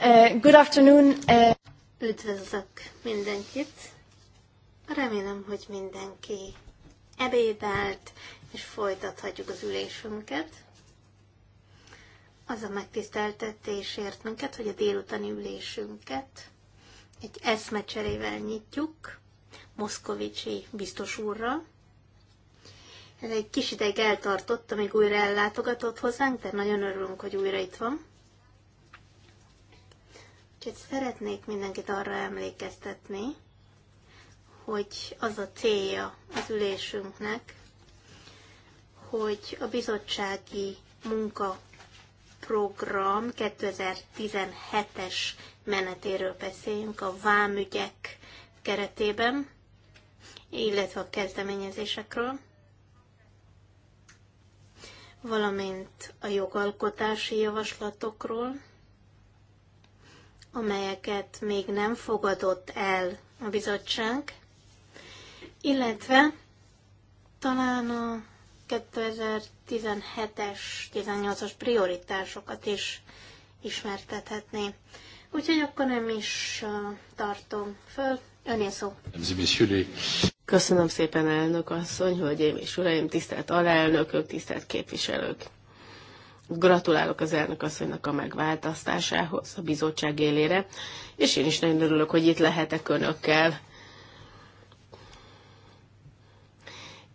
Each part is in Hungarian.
Eh, good afternoon. Eh. Üdvözlök mindenkit. Remélem, hogy mindenki ebédelt, és folytathatjuk az ülésünket. Az a megtiszteltetésért minket, hogy a délutáni ülésünket egy eszmecserével nyitjuk, Moszkovicsi biztos úrra. Ez egy kis ideig eltartott, amíg újra ellátogatott hozzánk, de nagyon örülünk, hogy újra itt van. Úgyhogy szeretnék mindenkit arra emlékeztetni, hogy az a célja az ülésünknek, hogy a bizottsági munkaprogram 2017-es menetéről beszéljünk a vámügyek keretében, illetve a kezdeményezésekről, valamint a jogalkotási javaslatokról, amelyeket még nem fogadott el a bizottság, illetve talán a 2017-es, 18-as prioritásokat is ismertethetné. Úgyhogy akkor nem is tartom föl. Önél szó. Köszönöm szépen, elnök asszony, hölgyeim és uraim, tisztelt alelnökök, tisztelt képviselők. Gratulálok az elnök asszonynak a megváltoztásához a bizottság élére, és én is nagyon örülök, hogy itt lehetek önökkel.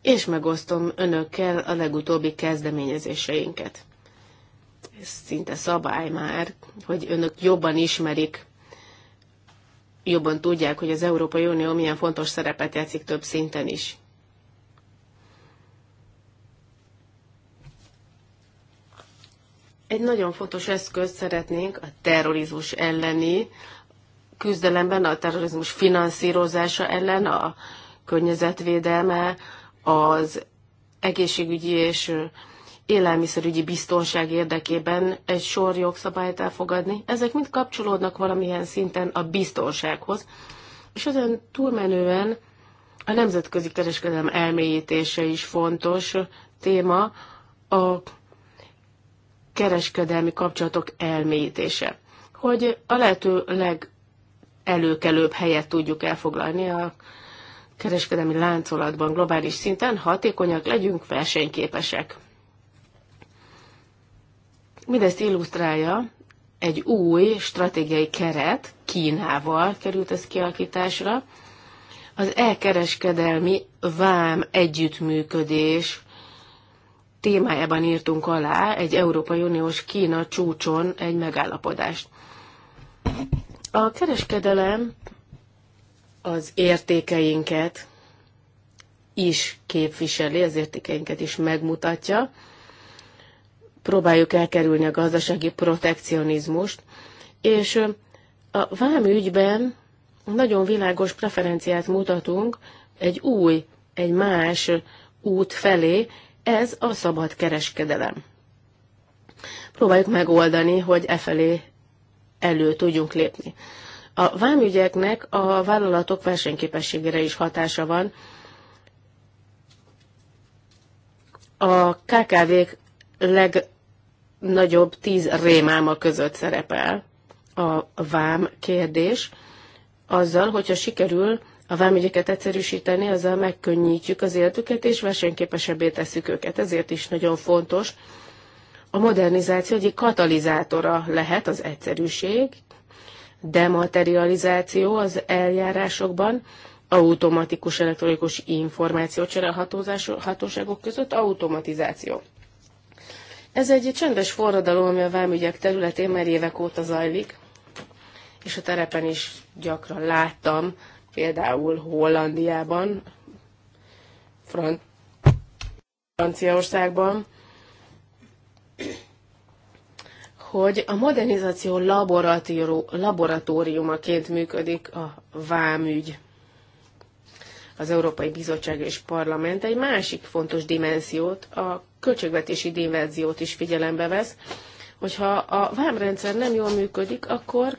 És megosztom önökkel a legutóbbi kezdeményezéseinket. Ez szinte szabály már, hogy önök jobban ismerik, jobban tudják, hogy az Európai Unió milyen fontos szerepet játszik több szinten is egy nagyon fontos eszközt szeretnénk a terrorizmus elleni küzdelemben, a terrorizmus finanszírozása ellen, a környezetvédelme, az egészségügyi és élelmiszerügyi biztonság érdekében egy sor jogszabályt elfogadni. Ezek mind kapcsolódnak valamilyen szinten a biztonsághoz, és ezen túlmenően a nemzetközi kereskedelem elmélyítése is fontos téma. A kereskedelmi kapcsolatok elmélyítése, hogy a lehető legelőkelőbb helyet tudjuk elfoglalni a kereskedelmi láncolatban globális szinten, hatékonyak legyünk, versenyképesek. Mindezt illusztrálja egy új stratégiai keret, Kínával került ez kialakításra, az elkereskedelmi vám együttműködés témájában írtunk alá egy Európai Uniós Kína csúcson egy megállapodást. A kereskedelem az értékeinket is képviseli, az értékeinket is megmutatja. Próbáljuk elkerülni a gazdasági protekcionizmust, és a vámügyben nagyon világos preferenciát mutatunk egy új, egy más út felé, ez a szabad kereskedelem. Próbáljuk megoldani, hogy e felé elő tudjunk lépni. A vámügyeknek a vállalatok versenyképességére is hatása van. A KKV-k legnagyobb tíz rémáma között szerepel a vám kérdés, azzal, hogyha sikerül a vámügyeket egyszerűsíteni, azzal megkönnyítjük az életüket, és versenyképesebbé tesszük őket. Ezért is nagyon fontos. A modernizáció egyik katalizátora lehet az egyszerűség, dematerializáció az eljárásokban, automatikus elektronikus információcsere hatóságok között, automatizáció. Ez egy csendes forradalom, ami a vámügyek területén már évek óta zajlik, és a terepen is gyakran láttam Például Hollandiában, Fran- Franciaországban, hogy a modernizáció laboratóriumaként működik a vámügy. Az Európai Bizottság és Parlament egy másik fontos dimenziót, a költségvetési dimenziót is figyelembe vesz, hogyha a vámrendszer nem jól működik, akkor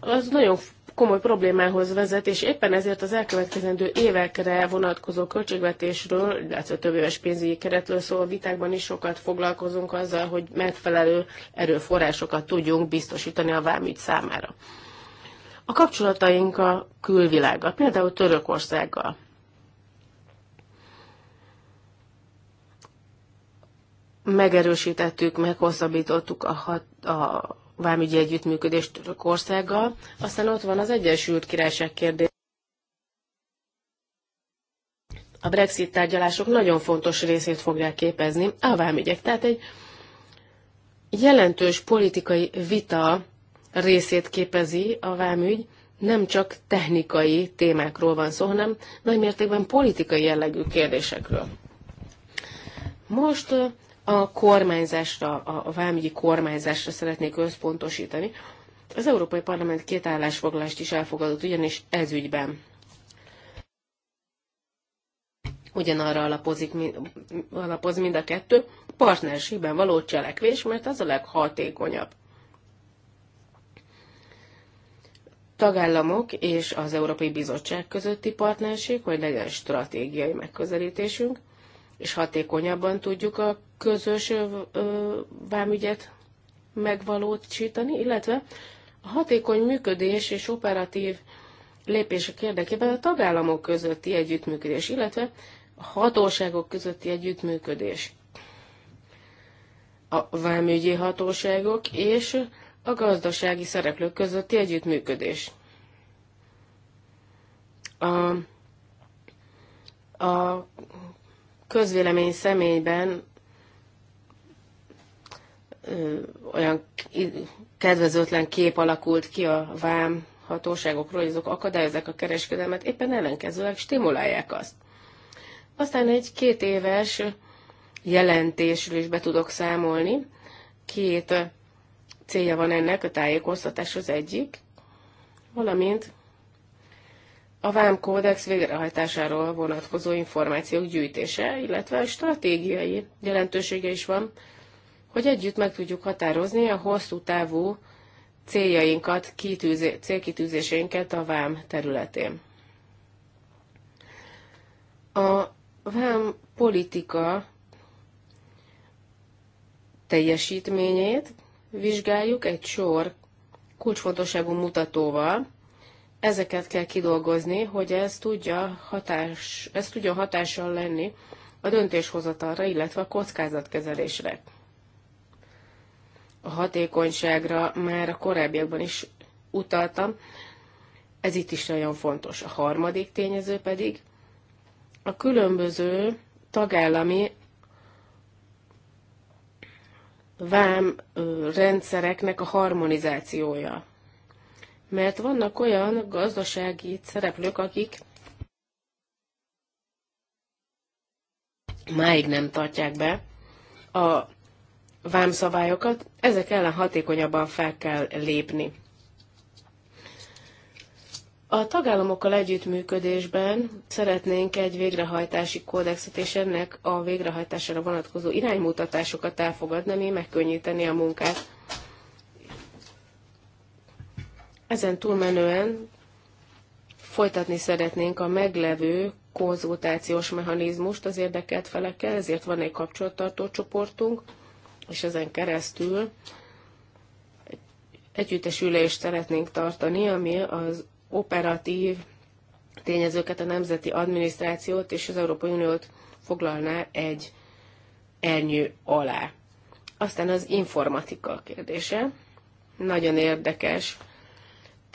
az nagyon komoly problémához vezet, és éppen ezért az elkövetkezendő évekre vonatkozó költségvetésről, illetve több éves pénzügyi keretről szóló vitákban is sokat foglalkozunk azzal, hogy megfelelő erőforrásokat tudjunk biztosítani a vámügy számára. A kapcsolataink a külvilággal, például Törökországgal. Megerősítettük, meghosszabbítottuk a, hat, a vámügyi együttműködést Törökországgal, aztán ott van az Egyesült Királyság kérdés. A Brexit tárgyalások nagyon fontos részét fogják képezni a vámügyek. Tehát egy jelentős politikai vita részét képezi a vámügy, nem csak technikai témákról van szó, hanem nagymértékben politikai jellegű kérdésekről. Most a kormányzásra, a vámügyi kormányzásra szeretnék összpontosítani. Az Európai Parlament két állásfoglalást is elfogadott, ugyanis ez ügyben ugyanarra alapozik, alapoz mind a kettő, partnerségben való cselekvés, mert az a leghatékonyabb. Tagállamok és az Európai Bizottság közötti partnerség, hogy legyen stratégiai megközelítésünk, és hatékonyabban tudjuk a közös vámügyet megvalósítani, illetve a hatékony működés és operatív lépések érdekében a tagállamok közötti együttműködés, illetve a hatóságok közötti együttműködés. A vámügyi hatóságok és a gazdasági szereplők közötti együttműködés. A, a közvélemény személyben olyan kedvezőtlen kép alakult ki a vám hatóságokról, hogy azok akadályozzák a kereskedelmet, éppen ellenkezőleg stimulálják azt. Aztán egy két éves jelentésről is be tudok számolni. Két célja van ennek, a tájékoztatás az egyik, valamint a vámkódex végrehajtásáról vonatkozó információk gyűjtése, illetve stratégiai jelentősége is van, hogy együtt meg tudjuk határozni a hosszú távú céljainkat, kitűzé, célkitűzéseinket a vám területén. A vám politika teljesítményét vizsgáljuk egy sor kulcsfontosságú mutatóval, Ezeket kell kidolgozni, hogy ez, tudja hatás, ez tudja hatással lenni a döntéshozatalra, illetve a kockázatkezelésre. A hatékonyságra már a korábbiakban is utaltam, ez itt is nagyon fontos. A harmadik tényező pedig a különböző tagállami vám rendszereknek a harmonizációja mert vannak olyan gazdasági szereplők, akik máig nem tartják be a vámszabályokat, ezek ellen hatékonyabban fel kell lépni. A tagállamokkal együttműködésben szeretnénk egy végrehajtási kódexet és ennek a végrehajtására vonatkozó iránymutatásokat elfogadni, ami megkönnyíteni a munkát. Ezen túlmenően folytatni szeretnénk a meglevő konzultációs mechanizmust az érdekelt felekkel, ezért van egy kapcsolattartó csoportunk, és ezen keresztül együttes ülést szeretnénk tartani, ami az operatív tényezőket, a nemzeti adminisztrációt és az Európai Uniót foglalná egy elnyő alá. Aztán az informatika kérdése. Nagyon érdekes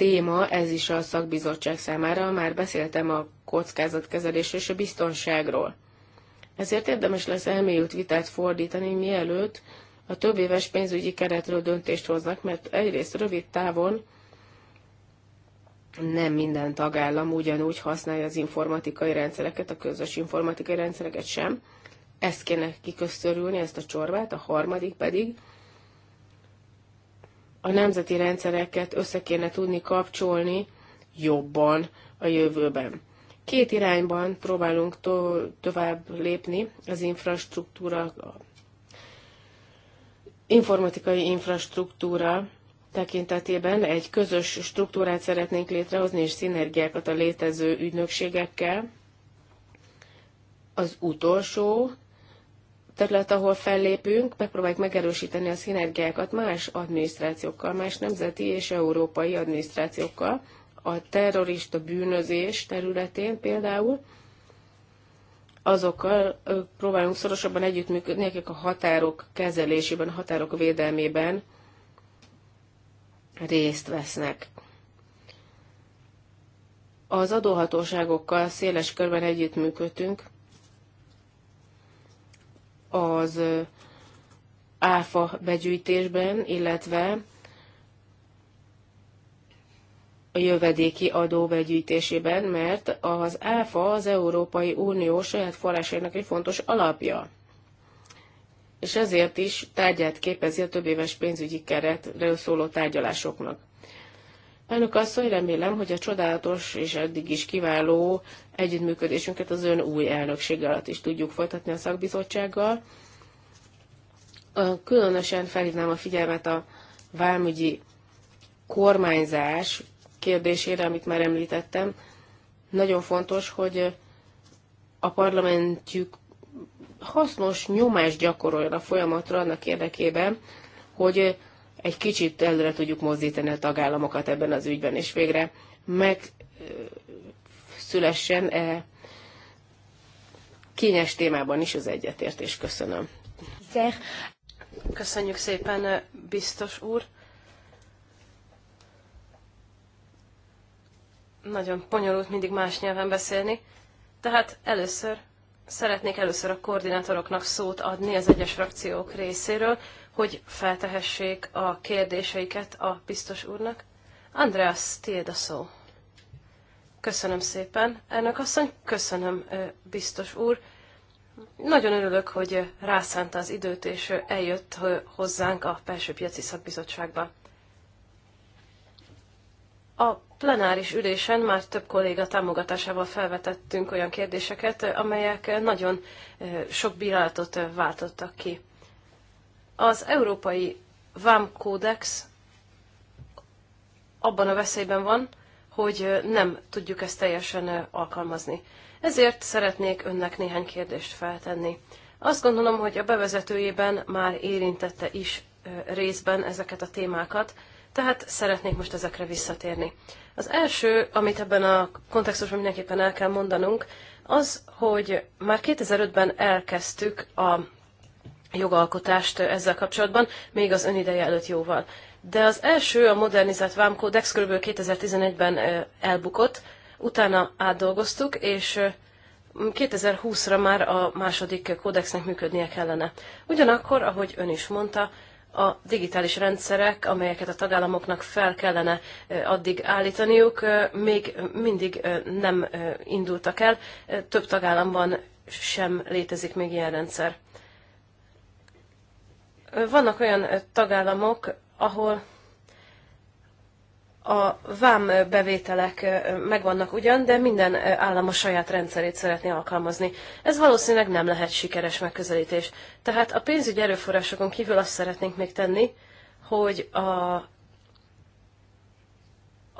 téma ez is a szakbizottság számára, már beszéltem a kockázatkezelésről és a biztonságról. Ezért érdemes lesz elmélyült vitát fordítani, mielőtt a több éves pénzügyi keretről döntést hoznak, mert egyrészt rövid távon nem minden tagállam ugyanúgy használja az informatikai rendszereket, a közös informatikai rendszereket sem. Ezt kéne kiköszörülni, ezt a csorbát, a harmadik pedig, a nemzeti rendszereket össze kéne tudni kapcsolni jobban a jövőben. Két irányban próbálunk to- tovább lépni az infrastruktúra, a informatikai infrastruktúra tekintetében egy közös struktúrát szeretnénk létrehozni, és szinergiákat a létező ügynökségekkel. Az utolsó terület, ahol fellépünk, megpróbáljuk megerősíteni a szinergiákat más adminisztrációkkal, más nemzeti és európai adminisztrációkkal, a terrorista bűnözés területén például, azokkal próbálunk szorosabban együttműködni, akik a határok kezelésében, a határok védelmében részt vesznek. Az adóhatóságokkal széles körben együttműködtünk, az áfa begyűjtésben, illetve a jövedéki adó begyűjtésében, mert az áfa az Európai Unió saját forrásainak egy fontos alapja. És ezért is tárgyát képezi a több éves pénzügyi keretről szóló tárgyalásoknak. Elnök asszony, remélem, hogy a csodálatos és eddig is kiváló együttműködésünket az ön új elnöksége alatt is tudjuk folytatni a szakbizottsággal. Különösen felhívnám a figyelmet a vámügyi kormányzás kérdésére, amit már említettem. Nagyon fontos, hogy a parlamentjük hasznos nyomást gyakoroljon a folyamatra annak érdekében, hogy egy kicsit előre tudjuk mozdítani a tagállamokat ebben az ügyben, és végre megszülessen e kényes témában is az egyetértés. Köszönöm. Köszönjük szépen, biztos úr. Nagyon ponyolult mindig más nyelven beszélni. Tehát először szeretnék először a koordinátoroknak szót adni az egyes frakciók részéről hogy feltehessék a kérdéseiket a biztos úrnak. Andreas, tiéd a szó. Köszönöm szépen, elnök asszony, köszönöm, biztos úr. Nagyon örülök, hogy rászánta az időt, és eljött hozzánk a Belső Piaci Szakbizottságba. A plenáris ülésen már több kolléga támogatásával felvetettünk olyan kérdéseket, amelyek nagyon sok bírálatot váltottak ki. Az európai VAM kódex abban a veszélyben van, hogy nem tudjuk ezt teljesen alkalmazni. Ezért szeretnék önnek néhány kérdést feltenni. Azt gondolom, hogy a bevezetőjében már érintette is részben ezeket a témákat, tehát szeretnék most ezekre visszatérni. Az első, amit ebben a kontextusban mindenképpen el kell mondanunk, az, hogy már 2005-ben elkezdtük a jogalkotást ezzel kapcsolatban, még az önideje előtt jóval. De az első, a modernizált vámkódex kb. 2011-ben elbukott, utána átdolgoztuk, és 2020-ra már a második kódexnek működnie kellene. Ugyanakkor, ahogy ön is mondta, a digitális rendszerek, amelyeket a tagállamoknak fel kellene addig állítaniuk, még mindig nem indultak el. Több tagállamban sem létezik még ilyen rendszer. Vannak olyan tagállamok, ahol a vám bevételek megvannak ugyan, de minden állam a saját rendszerét szeretné alkalmazni. Ez valószínűleg nem lehet sikeres megközelítés. Tehát a pénzügyi erőforrásokon kívül azt szeretnénk még tenni, hogy a,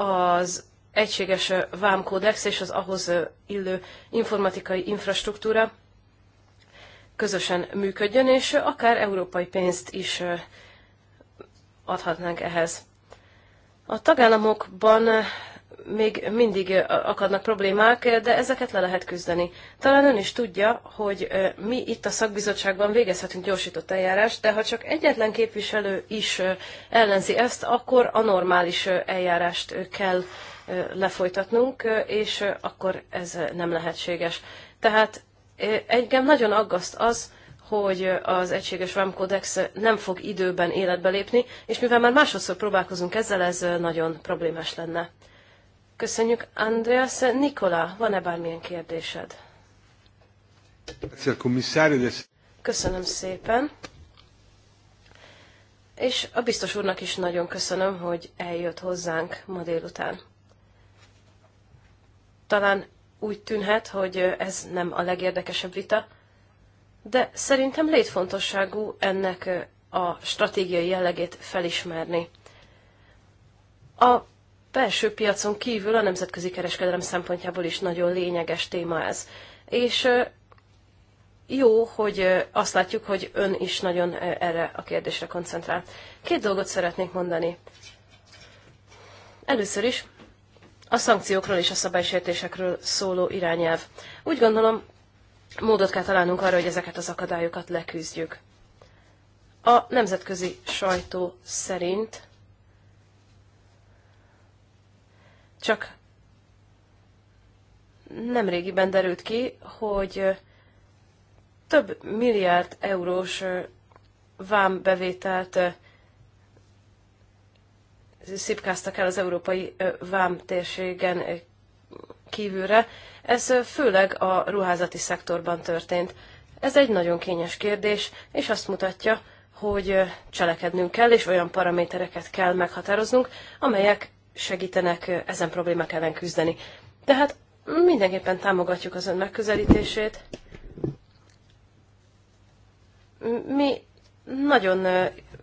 az egységes vámkódex és az ahhoz illő informatikai infrastruktúra közösen működjön, és akár európai pénzt is adhatnánk ehhez. A tagállamokban még mindig akadnak problémák, de ezeket le lehet küzdeni. Talán ön is tudja, hogy mi itt a szakbizottságban végezhetünk gyorsított eljárást, de ha csak egyetlen képviselő is ellenzi ezt, akkor a normális eljárást kell lefolytatnunk, és akkor ez nem lehetséges. Tehát Engem nagyon aggaszt az, hogy az egységes VAM kódex nem fog időben életbe lépni, és mivel már másodszor próbálkozunk ezzel, ez nagyon problémás lenne. Köszönjük, Andreas. Nikola, van-e bármilyen kérdésed? Köszönöm szépen. És a biztos úrnak is nagyon köszönöm, hogy eljött hozzánk ma délután. Talán úgy tűnhet, hogy ez nem a legérdekesebb vita, de szerintem létfontosságú ennek a stratégiai jellegét felismerni. A belső piacon kívül a nemzetközi kereskedelem szempontjából is nagyon lényeges téma ez. És jó, hogy azt látjuk, hogy ön is nagyon erre a kérdésre koncentrál. Két dolgot szeretnék mondani. Először is a szankciókról és a szabálysértésekről szóló irányelv. Úgy gondolom, módot kell találnunk arra, hogy ezeket az akadályokat leküzdjük. A nemzetközi sajtó szerint csak nemrégiben derült ki, hogy több milliárd eurós vámbevételt szipkáztak el az európai vám térségen kívülre. Ez főleg a ruházati szektorban történt. Ez egy nagyon kényes kérdés, és azt mutatja, hogy cselekednünk kell, és olyan paramétereket kell meghatároznunk, amelyek segítenek ezen problémák ellen küzdeni. Tehát mindenképpen támogatjuk az ön megközelítését. Mi nagyon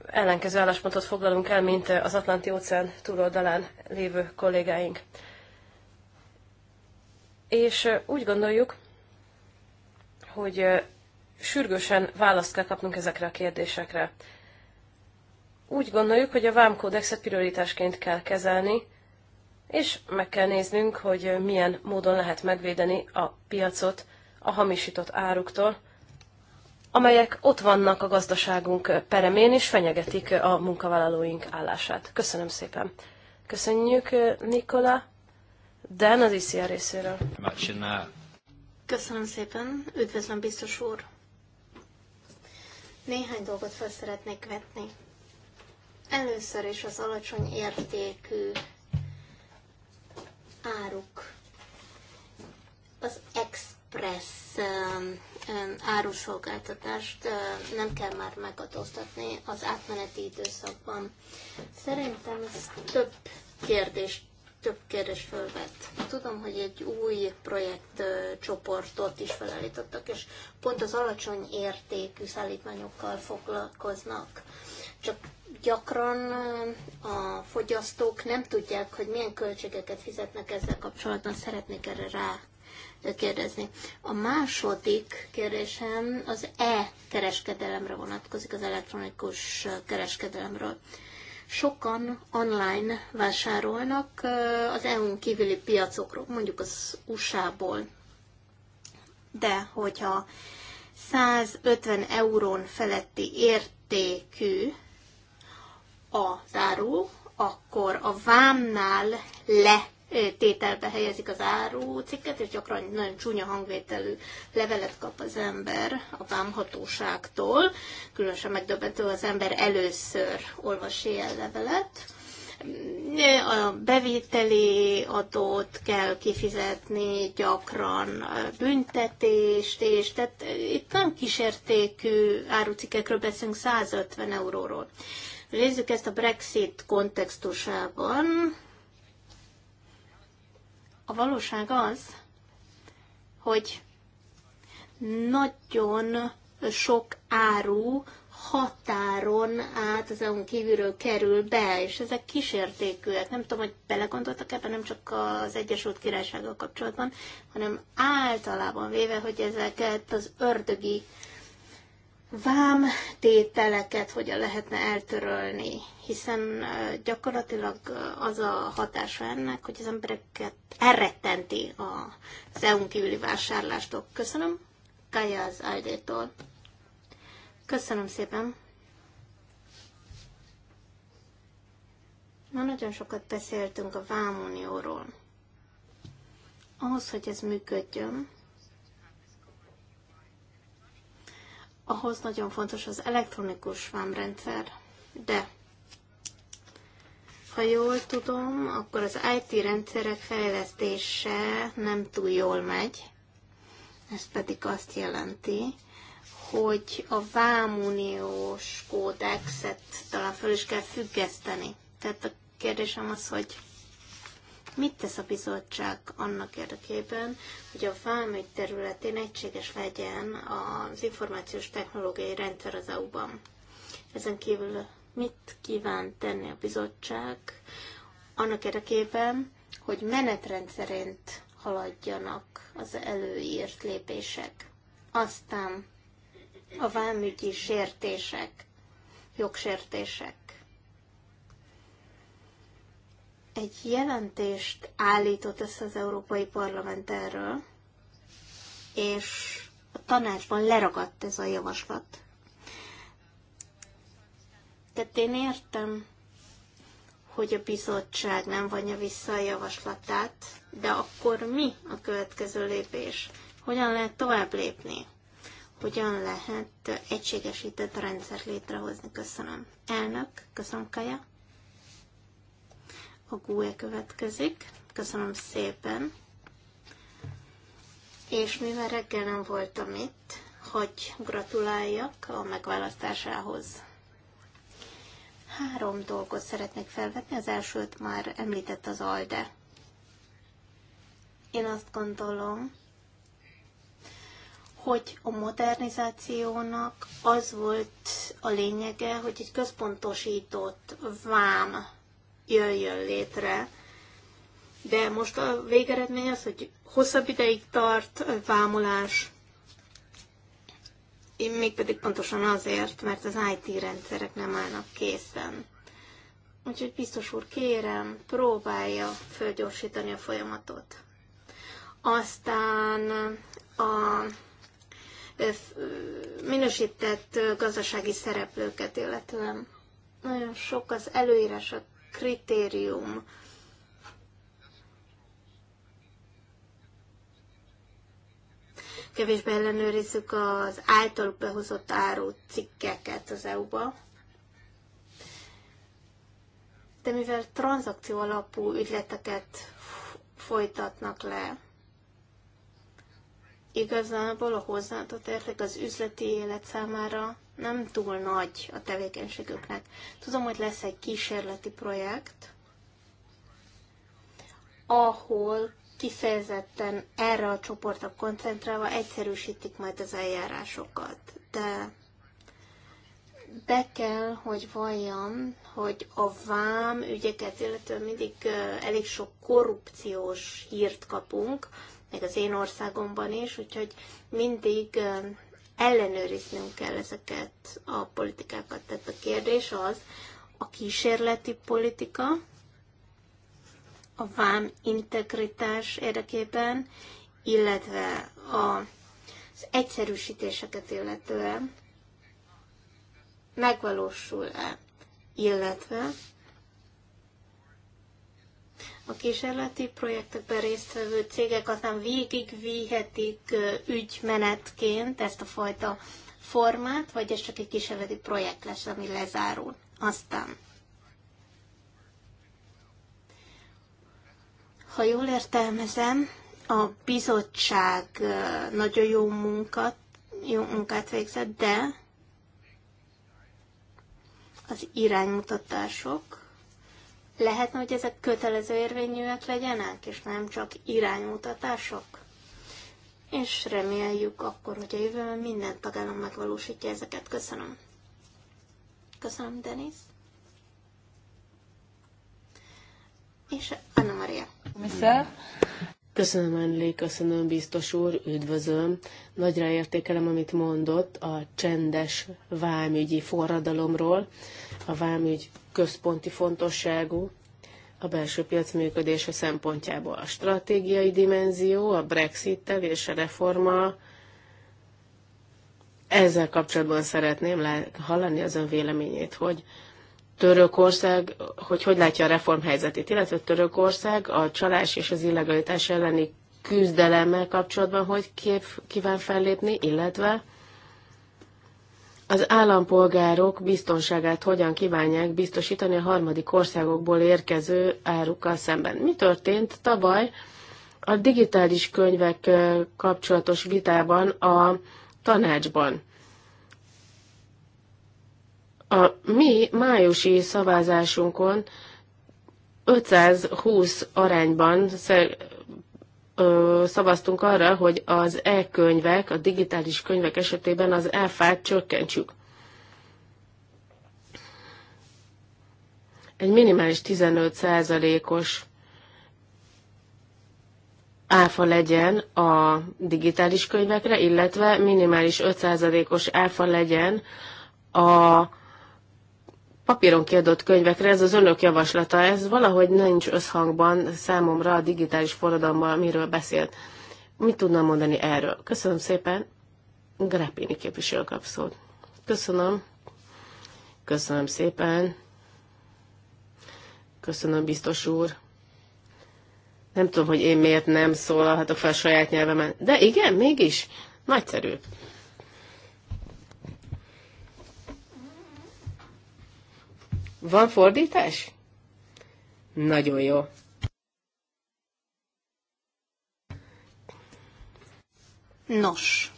ellenkező álláspontot foglalunk el, mint az Atlanti óceán túloldalán lévő kollégáink. És úgy gondoljuk, hogy sürgősen választ kell kapnunk ezekre a kérdésekre. Úgy gondoljuk, hogy a vámkódexet prioritásként kell kezelni, és meg kell néznünk, hogy milyen módon lehet megvédeni a piacot a hamisított áruktól, amelyek ott vannak a gazdaságunk peremén, és fenyegetik a munkavállalóink állását. Köszönöm szépen. Köszönjük, Nikola. Dan az ICR részéről. Köszönöm szépen. Üdvözlöm, biztos úr. Néhány dolgot fel szeretnék vetni. Először is az alacsony értékű áruk. Az express um, Ehm, áruszolgáltatást ehm, nem kell már megadóztatni az átmeneti időszakban. Szerintem ez több kérdés, több kérdés fölvet. Tudom, hogy egy új projektcsoportot is felállítottak, és pont az alacsony értékű szállítmányokkal foglalkoznak. Csak gyakran ehm, a fogyasztók nem tudják, hogy milyen költségeket fizetnek ezzel kapcsolatban. Szeretnék erre rá kérdezni. A második kérdésem az e-kereskedelemre vonatkozik, az elektronikus kereskedelemről. Sokan online vásárolnak az EU-n kívüli piacokról, mondjuk az USA-ból. De hogyha 150 eurón feletti értékű a záró, akkor a vámnál le tételbe helyezik az árucikket, és gyakran nagyon csúnya hangvételű levelet kap az ember a vámhatóságtól. Különösen megdöbbentő, az ember először olvas ilyen levelet. A bevételi adót kell kifizetni, gyakran büntetést, és tehát itt nem kísértékű árucikekről beszélünk, 150 euróról. Nézzük ezt a Brexit kontextusában. A valóság az, hogy nagyon sok áru határon át az EU-n kívülről kerül be, és ezek kísértékűek. Nem tudom, hogy belegondoltak ebben, nem csak az Egyesült Királysággal kapcsolatban, hanem általában véve, hogy ezeket az ördögi vám tételeket hogyan lehetne eltörölni, hiszen gyakorlatilag az a hatása ennek, hogy az embereket elrettenti az EU-n kívüli vásárlástól. Köszönöm, Kaja az ID-tól. Köszönöm szépen. Na, nagyon sokat beszéltünk a vámunióról. Ahhoz, hogy ez működjön, ahhoz nagyon fontos az elektronikus vámrendszer, de ha jól tudom, akkor az IT rendszerek fejlesztése nem túl jól megy. Ez pedig azt jelenti, hogy a vámuniós kódexet talán föl is kell függeszteni. Tehát a kérdésem az, hogy Mit tesz a bizottság annak érdekében, hogy a vámügy területén egységes legyen az információs technológiai rendszer az EU-ban? Ezen kívül mit kíván tenni a bizottság annak érdekében, hogy menetrend szerint haladjanak az előírt lépések. Aztán a vámügyi sértések, jogsértések egy jelentést állított össze az Európai Parlament erről, és a tanácsban leragadt ez a javaslat. Tehát én értem, hogy a bizottság nem vonja vissza a javaslatát, de akkor mi a következő lépés? Hogyan lehet tovább lépni? Hogyan lehet egységesített rendszer létrehozni? Köszönöm. Elnök, köszönöm Kaja a GUE következik. Köszönöm szépen. És mivel reggel nem voltam itt, hogy gratuláljak a megválasztásához. Három dolgot szeretnék felvetni, az elsőt már említett az ALDE. Én azt gondolom, hogy a modernizációnak az volt a lényege, hogy egy központosított vám jöjjön létre, de most a végeredmény az, hogy hosszabb ideig tart vámolás, én mégpedig pontosan azért, mert az IT rendszerek nem állnak készen. Úgyhogy biztos úr, kérem, próbálja fölgyorsítani a folyamatot. Aztán a minősített gazdasági szereplőket illetően nagyon sok az előírás a kritérium. Kevésbé ellenőrizzük az általuk behozott áru cikkeket az EU-ba. De mivel tranzakció alapú ügyleteket folytatnak le, igazából a hozzáadott érték az üzleti élet számára nem túl nagy a tevékenységüknek. Tudom, hogy lesz egy kísérleti projekt, ahol kifejezetten erre a csoportra koncentrálva egyszerűsítik majd az eljárásokat. De be kell, hogy valljam, hogy a vám ügyeket, illetve mindig elég sok korrupciós hírt kapunk, meg az én országomban is, úgyhogy mindig ellenőriznünk kell ezeket a politikákat. Tehát a kérdés az, a kísérleti politika, a vám integritás érdekében, illetve a az egyszerűsítéseket illetően megvalósul-e, illetve a kísérleti projektekben résztvevő cégek aztán végigvihetik ügymenetként ezt a fajta formát, vagy ez csak egy kísérleti projekt lesz, ami lezárul. Aztán, ha jól értelmezem, a bizottság nagyon jó munkát, jó munkát végzett, de az iránymutatások lehetne, hogy ezek kötelező érvényűek legyenek, és nem csak iránymutatások? És reméljük akkor, hogy a jövőben minden tagállam megvalósítja ezeket. Köszönöm. Köszönöm, Denis. És Anna Maria. Mr. Köszönöm, Enli, köszönöm, biztos úr, üdvözlöm. Nagyra értékelem, amit mondott a csendes vámügyi forradalomról. A vámügy központi fontosságú a belső piac működése szempontjából. A stratégiai dimenzió, a Brexit-tel és a reforma ezzel kapcsolatban szeretném hallani az ön véleményét, hogy Törökország, hogy hogy látja a reformhelyzetét, illetve Törökország a csalás és az illegalitás elleni küzdelemmel kapcsolatban hogy kép, kíván fellépni, illetve az állampolgárok biztonságát hogyan kívánják biztosítani a harmadik országokból érkező árukkal szemben. Mi történt tavaly a digitális könyvek kapcsolatos vitában a tanácsban? A mi májusi szavazásunkon 520 arányban ö, szavaztunk arra, hogy az e-könyvek, a digitális könyvek esetében az áfát csökkentsük. Egy minimális 15%-os áfa legyen a digitális könyvekre, illetve minimális 5%-os áfa legyen a papíron kiadott könyvekre, ez az önök javaslata, ez valahogy nincs összhangban számomra a digitális forradalommal, amiről beszélt. Mit tudna mondani erről? Köszönöm szépen. Grappini képviselő kapszót. Köszönöm. Köszönöm szépen. Köszönöm, biztos úr. Nem tudom, hogy én miért nem szólalhatok fel saját nyelvemen, de igen, mégis. Nagyszerű. Van fordítás? Nagyon jó. Nos,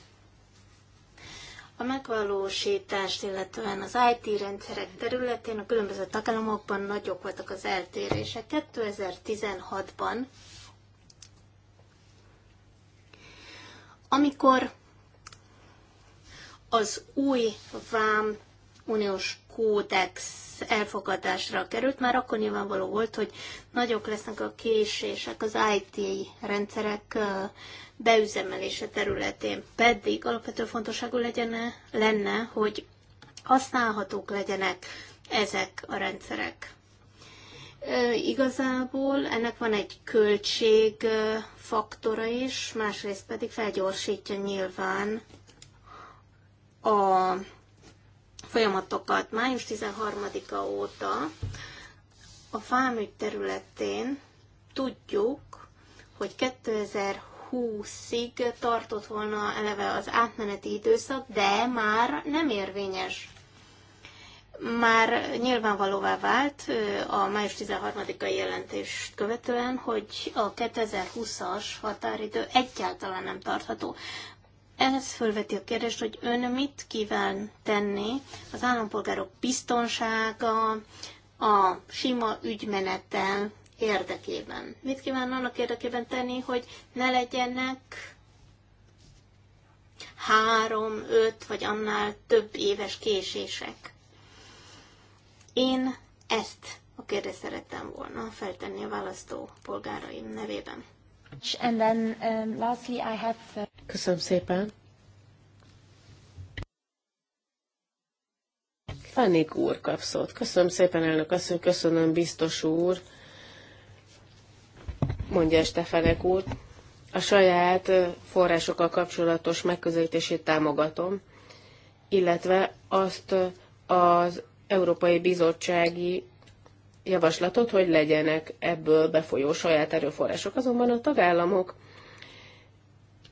a megvalósítást, illetően az IT rendszerek területén a különböző tagállamokban nagyok voltak az eltérések. 2016-ban, amikor az új vám uniós kódex elfogadásra került. Már akkor nyilvánvaló volt, hogy nagyok lesznek a késések az IT rendszerek beüzemelése területén. Pedig alapvető fontosságú legyen, lenne, hogy használhatók legyenek ezek a rendszerek. Igazából ennek van egy költség faktora is, másrészt pedig felgyorsítja nyilván a folyamatokat. Május 13-a óta a fámügy területén tudjuk, hogy 2020-ig tartott volna eleve az átmeneti időszak, de már nem érvényes. Már nyilvánvalóvá vált a május 13-ai jelentést követően, hogy a 2020-as határidő egyáltalán nem tartható. Ez fölveti a kérdést, hogy ön mit kíván tenni az állampolgárok biztonsága, a sima ügymenetel érdekében. Mit kíván annak érdekében tenni, hogy ne legyenek három, öt vagy annál több éves késések? Én ezt a kérdést szerettem volna feltenni a választó polgáraim nevében. And then, um, lastly, I have... Uh, Köszönöm szépen. Fenik úr kap szót. Köszönöm szépen, elnök asszony, köszönöm, biztos úr, mondja Stefanek úr. A saját forrásokkal kapcsolatos megközelítését támogatom, illetve azt az Európai Bizottsági javaslatot, hogy legyenek ebből befolyó saját erőforrások. Azonban a tagállamok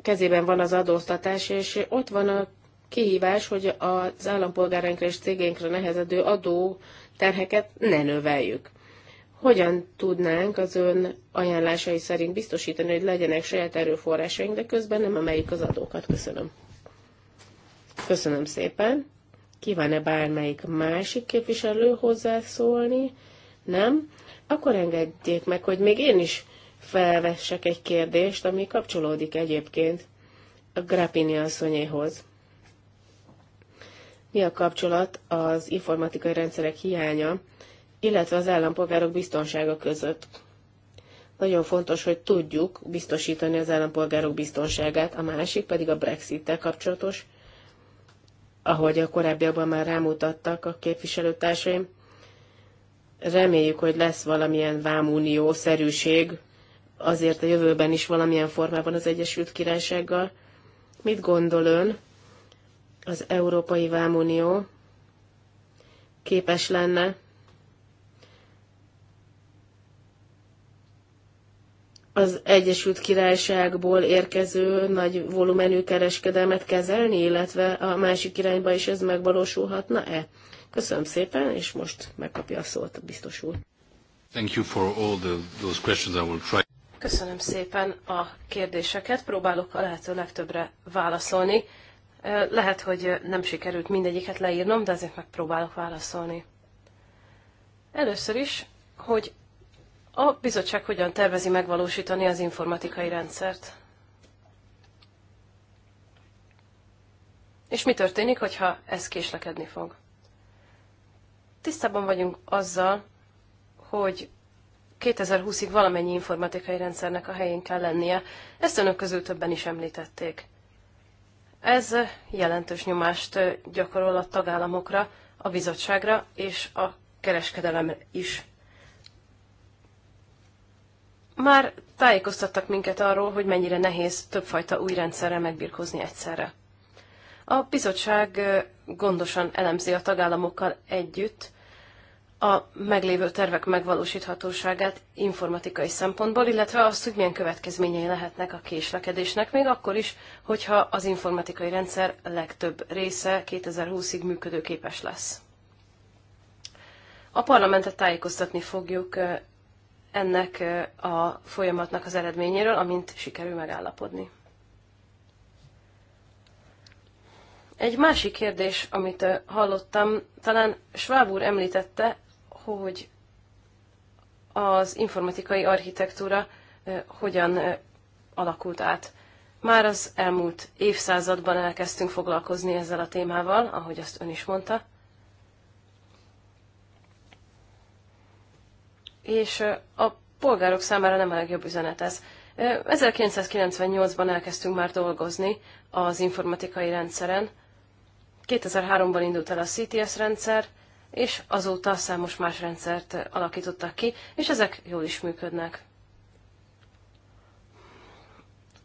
kezében van az adóztatás, és ott van a kihívás, hogy az állampolgárainkra és cégénkre nehezedő adó terheket ne növeljük. Hogyan tudnánk az ön ajánlásai szerint biztosítani, hogy legyenek saját erőforrásaink, de közben nem emeljük az adókat? Köszönöm. Köszönöm szépen. Kíván-e bármelyik másik képviselő hozzászólni? Nem? Akkor engedjék meg, hogy még én is felvessek egy kérdést, ami kapcsolódik egyébként a Grappini asszonyéhoz. Mi a kapcsolat az informatikai rendszerek hiánya, illetve az állampolgárok biztonsága között? Nagyon fontos, hogy tudjuk biztosítani az állampolgárok biztonságát, a másik pedig a Brexit-tel kapcsolatos, ahogy a korábbiakban már rámutattak a képviselőtársaim. Reméljük, hogy lesz valamilyen vámunió szerűség azért a jövőben is valamilyen formában az Egyesült Királysággal. Mit gondol ön, az Európai Vámunió képes lenne az Egyesült Királyságból érkező nagy volumenű kereskedelmet kezelni, illetve a másik irányba is ez megvalósulhatna-e? Köszönöm szépen, és most megkapja a szót a biztos úr. Thank you for all the, those questions I will try. Köszönöm szépen a kérdéseket. Próbálok a lehető legtöbbre válaszolni. Lehet, hogy nem sikerült mindegyiket leírnom, de azért megpróbálok válaszolni. Először is, hogy a bizottság hogyan tervezi megvalósítani az informatikai rendszert. És mi történik, hogyha ez késlekedni fog? Tisztában vagyunk azzal, hogy 2020-ig valamennyi informatikai rendszernek a helyén kell lennie. Ezt önök közül többen is említették. Ez jelentős nyomást gyakorol a tagállamokra, a bizottságra és a kereskedelemre is. Már tájékoztattak minket arról, hogy mennyire nehéz többfajta új rendszerrel megbirkózni egyszerre. A bizottság gondosan elemzi a tagállamokkal együtt a meglévő tervek megvalósíthatóságát informatikai szempontból, illetve azt, hogy milyen következményei lehetnek a késlekedésnek, még akkor is, hogyha az informatikai rendszer legtöbb része 2020-ig működőképes lesz. A parlamentet tájékoztatni fogjuk ennek a folyamatnak az eredményéről, amint sikerül megállapodni. Egy másik kérdés, amit hallottam, talán Schwab úr említette, hogy az informatikai architektúra hogyan alakult át. Már az elmúlt évszázadban elkezdtünk foglalkozni ezzel a témával, ahogy azt ön is mondta. És a polgárok számára nem a legjobb üzenet ez. 1998-ban elkezdtünk már dolgozni az informatikai rendszeren. 2003-ban indult el a CTS rendszer, és azóta számos más rendszert alakítottak ki, és ezek jól is működnek.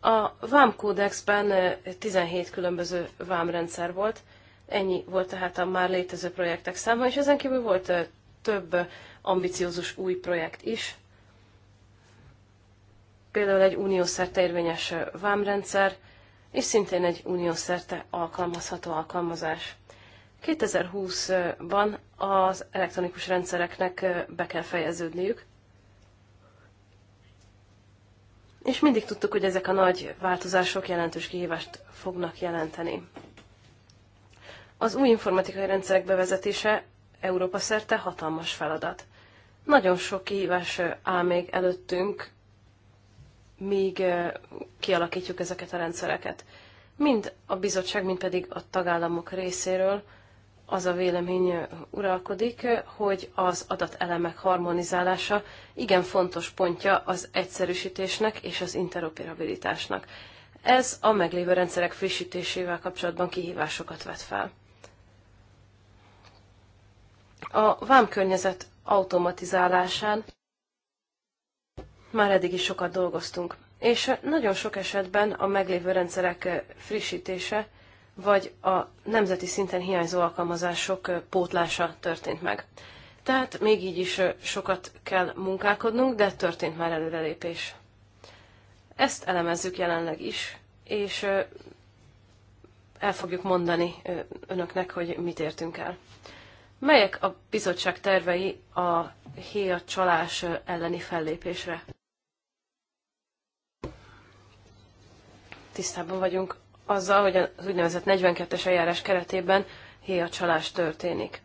A VAM kódexben 17 különböző VAM rendszer volt, ennyi volt tehát a már létező projektek száma, és ezen kívül volt több ambiciózus új projekt is. Például egy uniószerte érvényes rendszer és szintén egy uniószerte alkalmazható alkalmazás. 2020-ban az elektronikus rendszereknek be kell fejeződniük, és mindig tudtuk, hogy ezek a nagy változások jelentős kihívást fognak jelenteni. Az új informatikai rendszerek bevezetése Európa szerte hatalmas feladat. Nagyon sok kihívás áll még előttünk, míg kialakítjuk ezeket a rendszereket. Mind a bizottság, mind pedig a tagállamok részéről az a vélemény uralkodik, hogy az adatelemek harmonizálása igen fontos pontja az egyszerűsítésnek és az interoperabilitásnak. Ez a meglévő rendszerek frissítésével kapcsolatban kihívásokat vet fel. A vámkörnyezet automatizálásán már eddig is sokat dolgoztunk, és nagyon sok esetben a meglévő rendszerek frissítése vagy a nemzeti szinten hiányzó alkalmazások pótlása történt meg. Tehát még így is sokat kell munkálkodnunk, de történt már előrelépés. Ezt elemezzük jelenleg is, és el fogjuk mondani önöknek, hogy mit értünk el. Melyek a bizottság tervei a héja csalás elleni fellépésre? Tisztában vagyunk azzal, hogy az úgynevezett 42-es eljárás keretében héja csalás történik.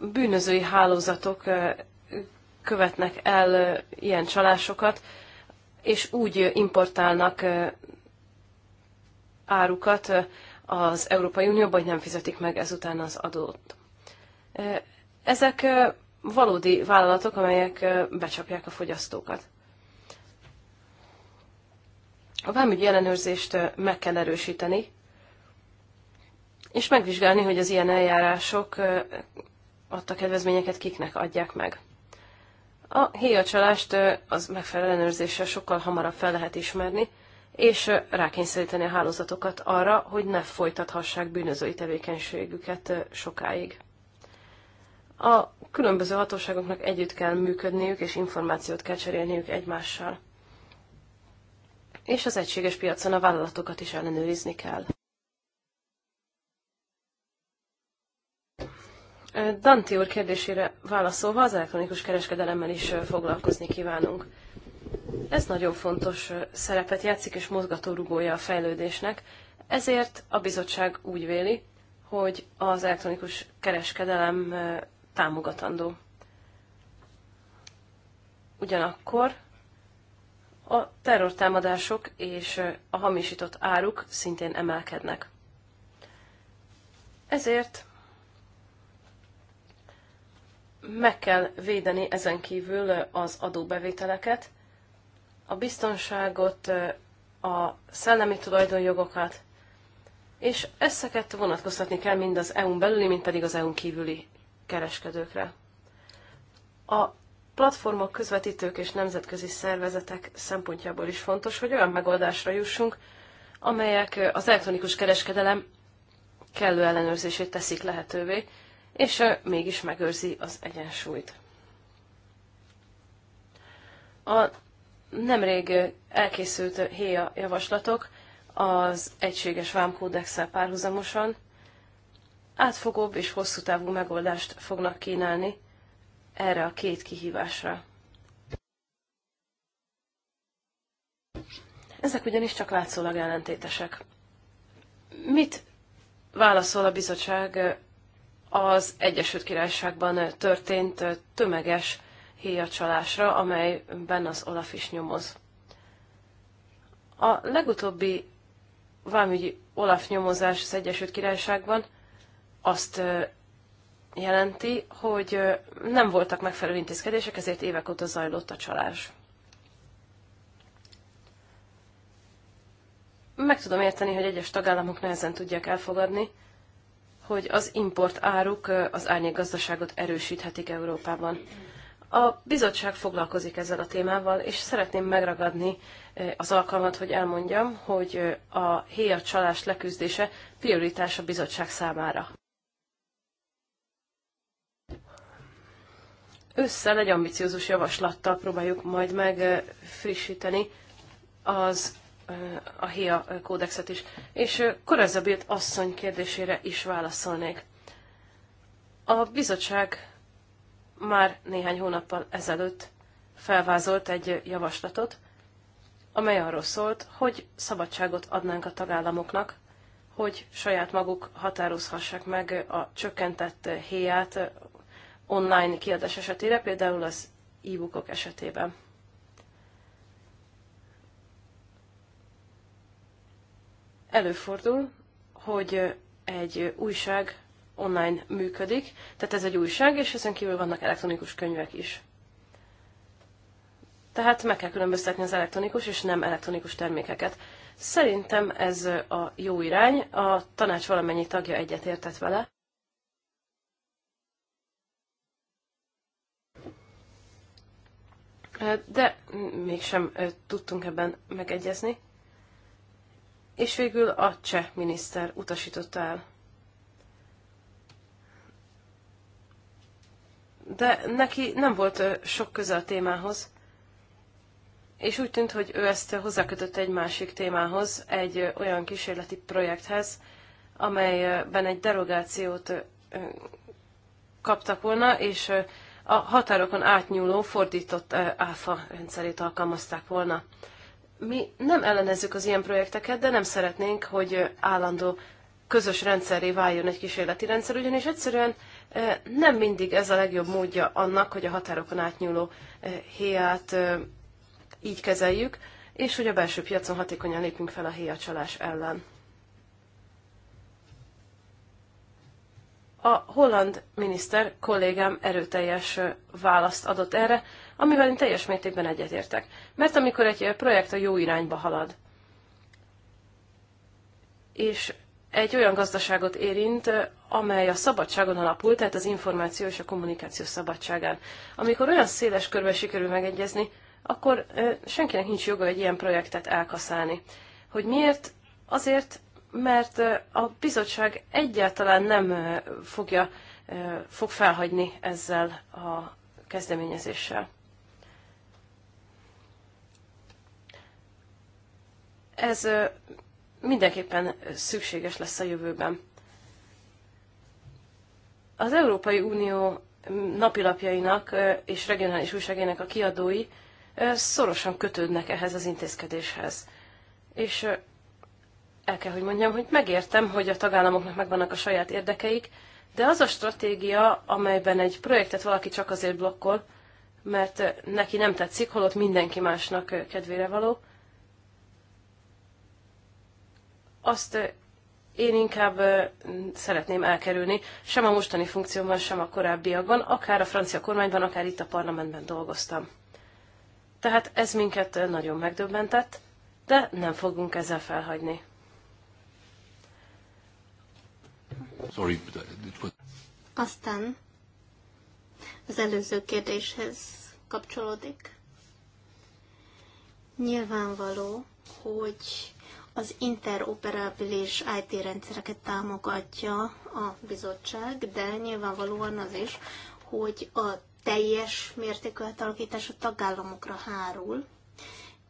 Bűnözői hálózatok követnek el ilyen csalásokat, és úgy importálnak árukat az Európai Unióba, hogy nem fizetik meg ezután az adót. Ezek valódi vállalatok, amelyek becsapják a fogyasztókat. A vámügyi ellenőrzést meg kell erősíteni, és megvizsgálni, hogy az ilyen eljárások adtak kedvezményeket kiknek adják meg. A héjacsalást az megfelelő ellenőrzéssel sokkal hamarabb fel lehet ismerni, és rákényszeríteni a hálózatokat arra, hogy ne folytathassák bűnözői tevékenységüket sokáig. A különböző hatóságoknak együtt kell működniük, és információt kell cserélniük egymással és az egységes piacon a vállalatokat is ellenőrizni kell. Danti úr kérdésére válaszolva az elektronikus kereskedelemmel is foglalkozni kívánunk. Ez nagyon fontos szerepet játszik és mozgatórugója a fejlődésnek, ezért a bizottság úgy véli, hogy az elektronikus kereskedelem támogatandó. Ugyanakkor a terrortámadások és a hamisított áruk szintén emelkednek. Ezért meg kell védeni ezen kívül az adóbevételeket, a biztonságot, a szellemi tulajdonjogokat, és ezeket vonatkoztatni kell mind az EU-n belüli, mind pedig az EU-n kívüli kereskedőkre. A platformok, közvetítők és nemzetközi szervezetek szempontjából is fontos, hogy olyan megoldásra jussunk, amelyek az elektronikus kereskedelem kellő ellenőrzését teszik lehetővé, és mégis megőrzi az egyensúlyt. A nemrég elkészült héja javaslatok az egységes vámkódexel párhuzamosan átfogóbb és hosszú távú megoldást fognak kínálni erre a két kihívásra. Ezek ugyanis csak látszólag ellentétesek. Mit válaszol a bizottság az Egyesült Királyságban történt tömeges héjacsalásra, amelyben az Olaf is nyomoz? A legutóbbi vámügyi Olaf nyomozás az Egyesült Királyságban azt jelenti, hogy nem voltak megfelelő intézkedések, ezért évek óta zajlott a csalás. Meg tudom érteni, hogy egyes tagállamok nehezen tudják elfogadni, hogy az import áruk az gazdaságot erősíthetik Európában. A bizottság foglalkozik ezzel a témával, és szeretném megragadni az alkalmat, hogy elmondjam, hogy a héja csalás leküzdése prioritás a bizottság számára. össze egy ambiciózus javaslattal próbáljuk majd megfrissíteni az a HIA kódexet is. És Korazabilt asszony kérdésére is válaszolnék. A bizottság már néhány hónappal ezelőtt felvázolt egy javaslatot, amely arról szólt, hogy szabadságot adnánk a tagállamoknak, hogy saját maguk határozhassák meg a csökkentett héját online kiadás esetére, például az e-bookok esetében. Előfordul, hogy egy újság online működik, tehát ez egy újság, és ezen kívül vannak elektronikus könyvek is. Tehát meg kell különböztetni az elektronikus és nem elektronikus termékeket. Szerintem ez a jó irány, a tanács valamennyi tagja egyetértett vele. de mégsem tudtunk ebben megegyezni. És végül a cseh miniszter utasította el. De neki nem volt sok köze a témához, és úgy tűnt, hogy ő ezt hozzákötött egy másik témához, egy olyan kísérleti projekthez, amelyben egy derogációt kaptak volna, és a határokon átnyúló fordított eh, áfa rendszerét alkalmazták volna. Mi nem ellenezzük az ilyen projekteket, de nem szeretnénk, hogy eh, állandó közös rendszerré váljon egy kísérleti rendszer, ugyanis egyszerűen eh, nem mindig ez a legjobb módja annak, hogy a határokon átnyúló héját így kezeljük, és hogy a belső piacon hatékonyan lépünk fel a héjacsalás ellen. A holland miniszter kollégám erőteljes választ adott erre, amivel én teljes mértékben egyetértek. Mert amikor egy projekt a jó irányba halad, és egy olyan gazdaságot érint, amely a szabadságon alapul, tehát az információ és a kommunikáció szabadságán. Amikor olyan széles körben sikerül megegyezni, akkor senkinek nincs joga egy ilyen projektet elkaszálni. Hogy miért? Azért, mert a bizottság egyáltalán nem fogja, fog felhagyni ezzel a kezdeményezéssel. Ez mindenképpen szükséges lesz a jövőben. Az Európai Unió napilapjainak és regionális újságének a kiadói szorosan kötődnek ehhez az intézkedéshez. És el kell, hogy mondjam, hogy megértem, hogy a tagállamoknak megvannak a saját érdekeik, de az a stratégia, amelyben egy projektet valaki csak azért blokkol, mert neki nem tetszik, holott mindenki másnak kedvére való, azt én inkább szeretném elkerülni, sem a mostani funkciómban, sem a korábbiakban, akár a francia kormányban, akár itt a parlamentben dolgoztam. Tehát ez minket nagyon megdöbbentett, de nem fogunk ezzel felhagyni. Sorry, but it was... Aztán az előző kérdéshez kapcsolódik. Nyilvánvaló, hogy az interoperabilis IT rendszereket támogatja a bizottság, de nyilvánvalóan az is, hogy a teljes mértékű átalakítás a tagállamokra hárul.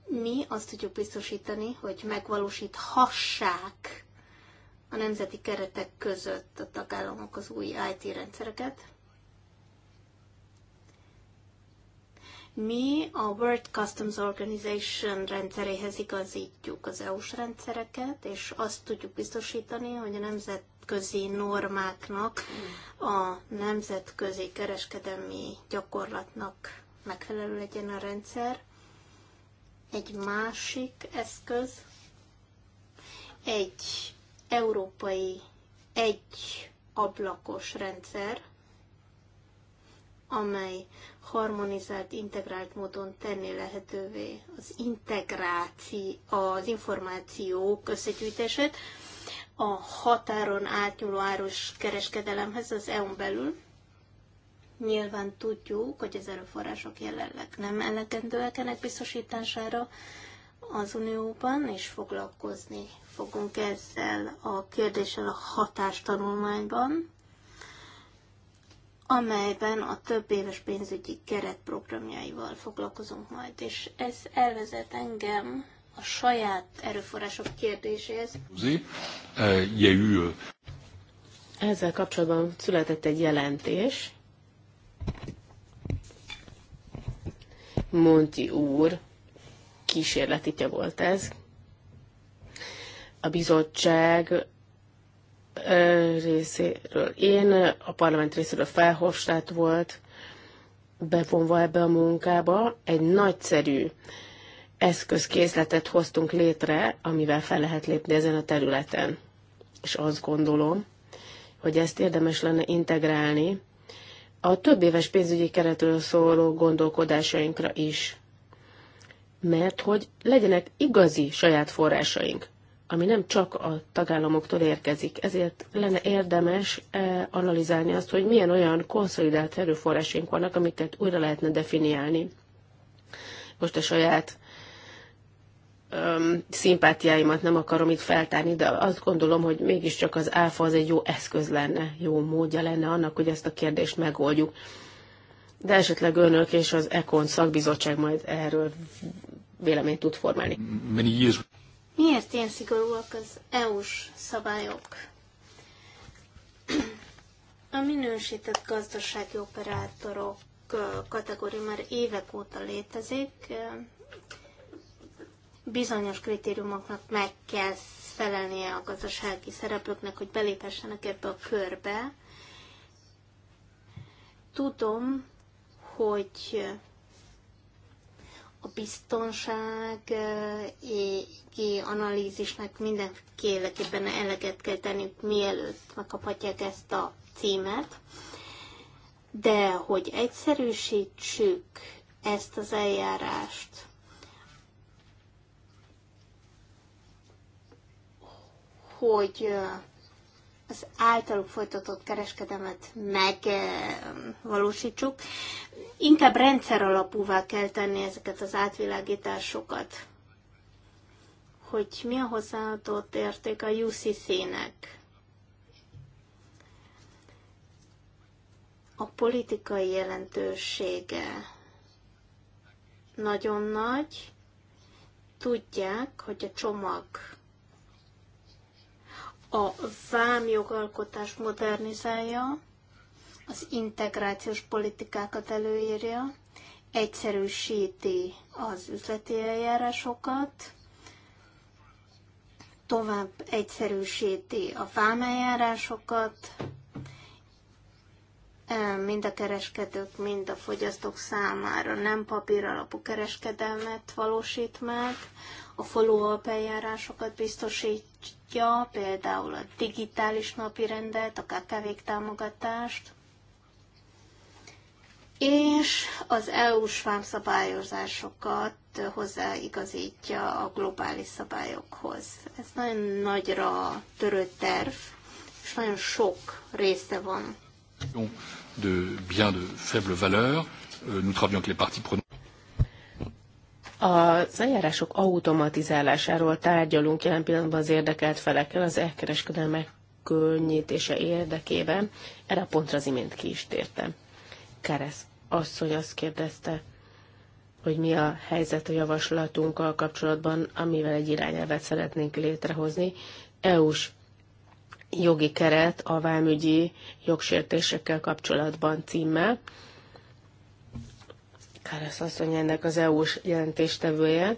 Mi azt tudjuk biztosítani, hogy megvalósíthassák a nemzeti keretek között a tagállamok az új IT rendszereket. Mi a World Customs Organization rendszeréhez igazítjuk az EU-s rendszereket, és azt tudjuk biztosítani, hogy a nemzetközi normáknak, a nemzetközi kereskedelmi gyakorlatnak megfelelő legyen a rendszer. Egy másik eszköz, egy európai egy ablakos rendszer, amely harmonizált, integrált módon tenni lehetővé az integráció, az információk összegyűjtését a határon átnyúló árus kereskedelemhez az EU-n belül. Nyilván tudjuk, hogy az erőforrások jelenleg nem elegendőek ennek biztosítására, az Unióban, és foglalkozni fogunk ezzel a kérdéssel a hatástanulmányban, amelyben a több éves pénzügyi keretprogramjaival foglalkozunk majd, és ez elvezet engem a saját erőforrások kérdéséhez. Eh, ezzel kapcsolatban született egy jelentés. Monti úr kísérletítja volt ez. A bizottság részéről én, a parlament részéről felhostát volt bevonva ebbe a munkába. Egy nagyszerű eszközkészletet hoztunk létre, amivel fel lehet lépni ezen a területen. És azt gondolom, hogy ezt érdemes lenne integrálni a több éves pénzügyi keretről szóló gondolkodásainkra is mert hogy legyenek igazi saját forrásaink, ami nem csak a tagállamoktól érkezik. Ezért lenne érdemes eh, analizálni azt, hogy milyen olyan konszolidált erőforrásaink vannak, amiket újra lehetne definiálni. Most a saját öm, szimpátiáimat nem akarom itt feltárni, de azt gondolom, hogy mégiscsak az ÁFA az egy jó eszköz lenne, jó módja lenne annak, hogy ezt a kérdést megoldjuk. De esetleg önök és az EKON szakbizottság majd erről véleményt tud formálni. Miért ilyen szigorúak az EU-s szabályok? A minősített gazdasági operátorok kategória már évek óta létezik. Bizonyos kritériumoknak meg kell felelnie a gazdasági szereplőknek, hogy beléphessenek ebbe a körbe. Tudom, hogy a biztonsági analízisnek mindenképpen eleget kell tenni, mielőtt megkaphatják ezt a címet. De hogy egyszerűsítsük ezt az eljárást, hogy az általuk folytatott kereskedemet megvalósítsuk. Inkább rendszer alapúvá kell tenni ezeket az átvilágításokat, hogy mi a hozzáadott érték a UCC-nek. A politikai jelentősége nagyon nagy, tudják, hogy a csomag a vámjogalkotás modernizálja, az integrációs politikákat előírja, egyszerűsíti az üzleti eljárásokat, tovább egyszerűsíti a vámeljárásokat, mind a kereskedők, mind a fogyasztók számára nem papír alapú kereskedelmet valósít meg, a follow-up eljárásokat biztosítja, például a digitális napirendet, a kkv támogatást, és az EU-s vámszabályozásokat hozzáigazítja a globális szabályokhoz. Ez nagyon nagyra törő terv, és nagyon sok része van. De bien de faible valeur, euh, nous travaillons avec les parties prenantes. Az eljárások automatizálásáról tárgyalunk jelen pillanatban az érdekelt felekkel az elkereskedelmek könnyítése érdekében. Erre a pontra az imént ki is tértem. Keresz asszony azt kérdezte, hogy mi a helyzet a javaslatunkkal kapcsolatban, amivel egy irányelvet szeretnénk létrehozni. EU-s jogi keret a vámügyi jogsértésekkel kapcsolatban címmel. Kárász asszony ennek az EU-s jelentéstevője,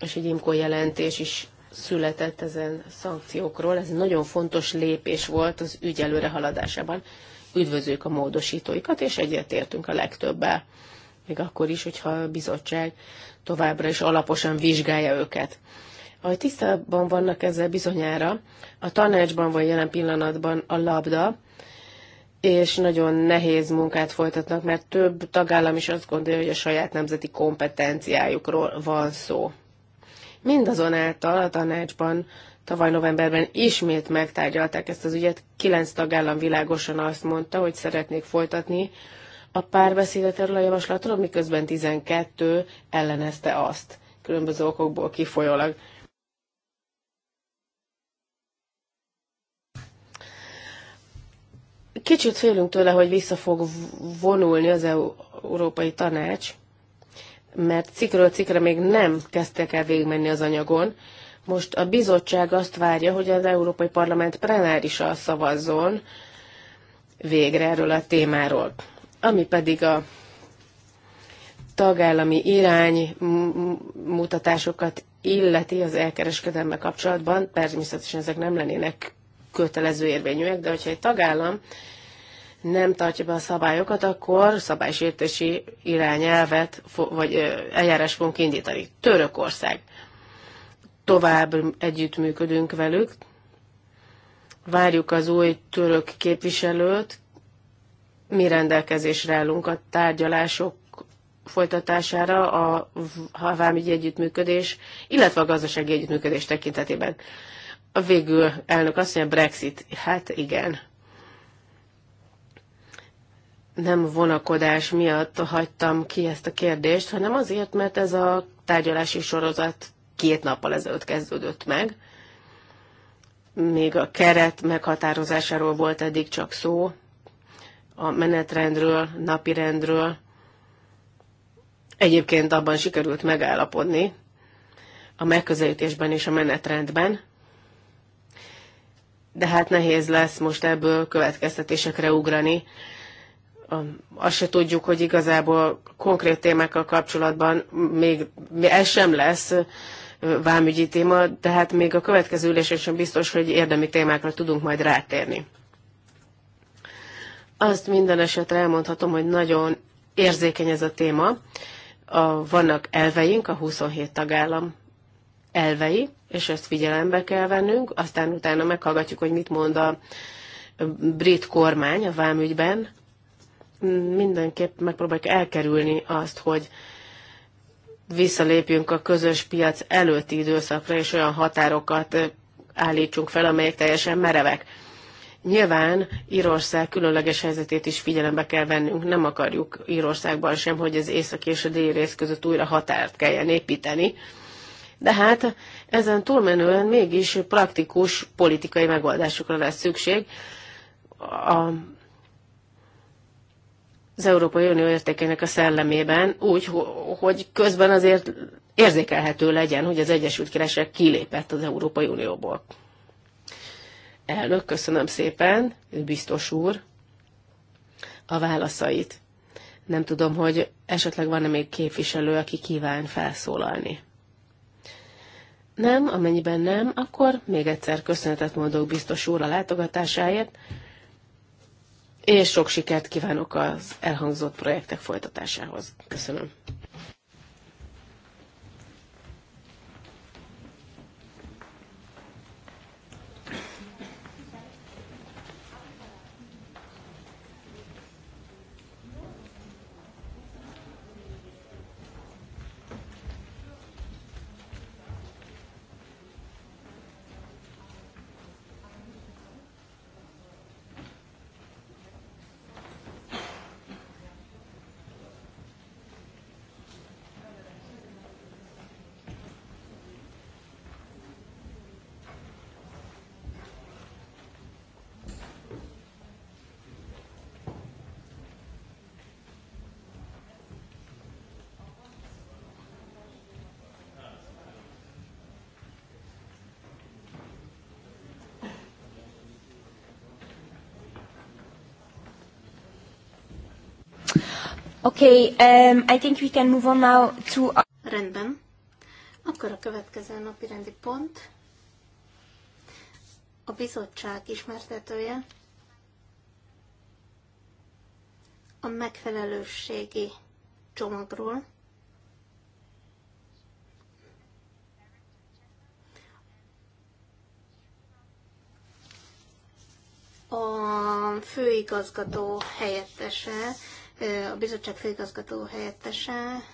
és egy IMCO jelentés is született ezen szankciókról. Ez nagyon fontos lépés volt az ügy előre haladásában üdvözlők a módosítóikat, és egyetértünk a legtöbbel. Még akkor is, hogyha a bizottság továbbra is alaposan vizsgálja őket. Ahogy tisztában vannak ezzel bizonyára, a tanácsban van jelen pillanatban a labda, és nagyon nehéz munkát folytatnak, mert több tagállam is azt gondolja, hogy a saját nemzeti kompetenciájukról van szó. Mindazonáltal a tanácsban Tavaly novemberben ismét megtárgyalták ezt az ügyet, kilenc tagállam világosan azt mondta, hogy szeretnék folytatni a párbeszédet erről a javaslatról, miközben 12 ellenezte azt, különböző okokból kifolyólag. Kicsit félünk tőle, hogy vissza fog vonulni az EU, Európai Tanács, mert cikről cikre még nem kezdtek el végigmenni az anyagon, most a bizottság azt várja, hogy az Európai Parlament plenárisan szavazzon végre erről a témáról. Ami pedig a tagállami iránymutatásokat illeti az elkereskedelme kapcsolatban, természetesen ezek nem lennének kötelező érvényűek, de hogyha egy tagállam nem tartja be a szabályokat, akkor szabálysértési irányelvet vagy eljárás fogunk indítani. Törökország tovább együttműködünk velük. Várjuk az új török képviselőt, mi rendelkezésre állunk a tárgyalások folytatására a vámügyi együttműködés, illetve a gazdasági együttműködés tekintetében. A végül elnök azt mondja, Brexit, hát igen. Nem vonakodás miatt hagytam ki ezt a kérdést, hanem azért, mert ez a tárgyalási sorozat két nappal ezelőtt kezdődött meg. Még a keret meghatározásáról volt eddig csak szó, a menetrendről, napirendről. Egyébként abban sikerült megállapodni a megközelítésben és a menetrendben, de hát nehéz lesz most ebből következtetésekre ugrani. Azt se tudjuk, hogy igazából konkrét témákkal kapcsolatban még ez sem lesz vámügyi téma, de hát még a következő ülésen sem biztos, hogy érdemi témákra tudunk majd rátérni. Azt minden esetre elmondhatom, hogy nagyon érzékeny ez a téma. A, vannak elveink, a 27 tagállam elvei, és ezt figyelembe kell vennünk, aztán utána meghallgatjuk, hogy mit mond a brit kormány a vámügyben. Mindenképp megpróbáljuk elkerülni azt, hogy visszalépjünk a közös piac előtti időszakra, és olyan határokat állítsunk fel, amelyek teljesen merevek. Nyilván Írország különleges helyzetét is figyelembe kell vennünk. Nem akarjuk Írországban sem, hogy az északi és a déli rész között újra határt kelljen építeni. De hát ezen túlmenően mégis praktikus politikai megoldásokra lesz szükség. A az Európai Unió értékének a szellemében, úgy, hogy közben azért érzékelhető legyen, hogy az Egyesült Királyság kilépett az Európai Unióból. Elnök, köszönöm szépen, biztos úr, a válaszait. Nem tudom, hogy esetleg van-e még képviselő, aki kíván felszólalni. Nem, amennyiben nem, akkor még egyszer köszönetet mondok biztos úr a látogatásáért, és sok sikert kívánok az elhangzott projektek folytatásához. Köszönöm. Okay, um, I think we can move on now to... Rendben. Akkor a következő napi rendi pont a bizottság ismertetője a megfelelősségi csomagról, a főigazgató helyettese a bizottság főigazgató helyettese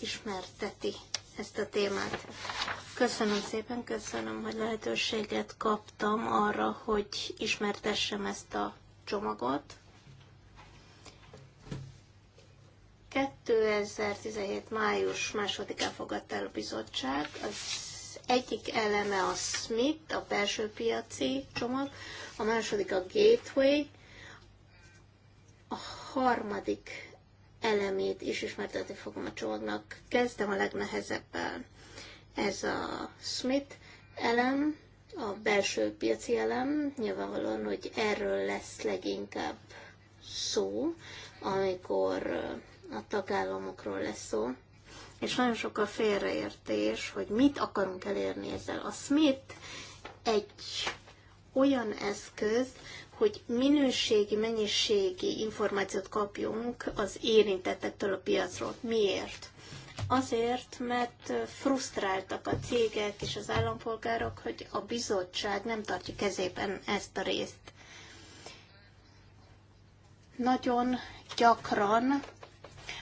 ismerteti ezt a témát. Köszönöm szépen, köszönöm, hogy lehetőséget kaptam arra, hogy ismertessem ezt a csomagot. 2017. május másodikán fogadta el a bizottság. Az egyik eleme a SMIT, a belső piaci csomag, a második a Gateway, harmadik elemét is ismertetni fogom a csónak. Kezdtem a legnehezebbel. Ez a Smith elem, a belső piaci elem, nyilvánvalóan, hogy erről lesz leginkább szó, amikor a tagállamokról lesz szó, és nagyon sok a félreértés, hogy mit akarunk elérni ezzel. A Smith egy olyan eszköz, hogy minőségi, mennyiségi információt kapjunk az érintettektől a piacról. Miért? Azért, mert frusztráltak a cégek és az állampolgárok, hogy a bizottság nem tartja kezében ezt a részt. Nagyon gyakran,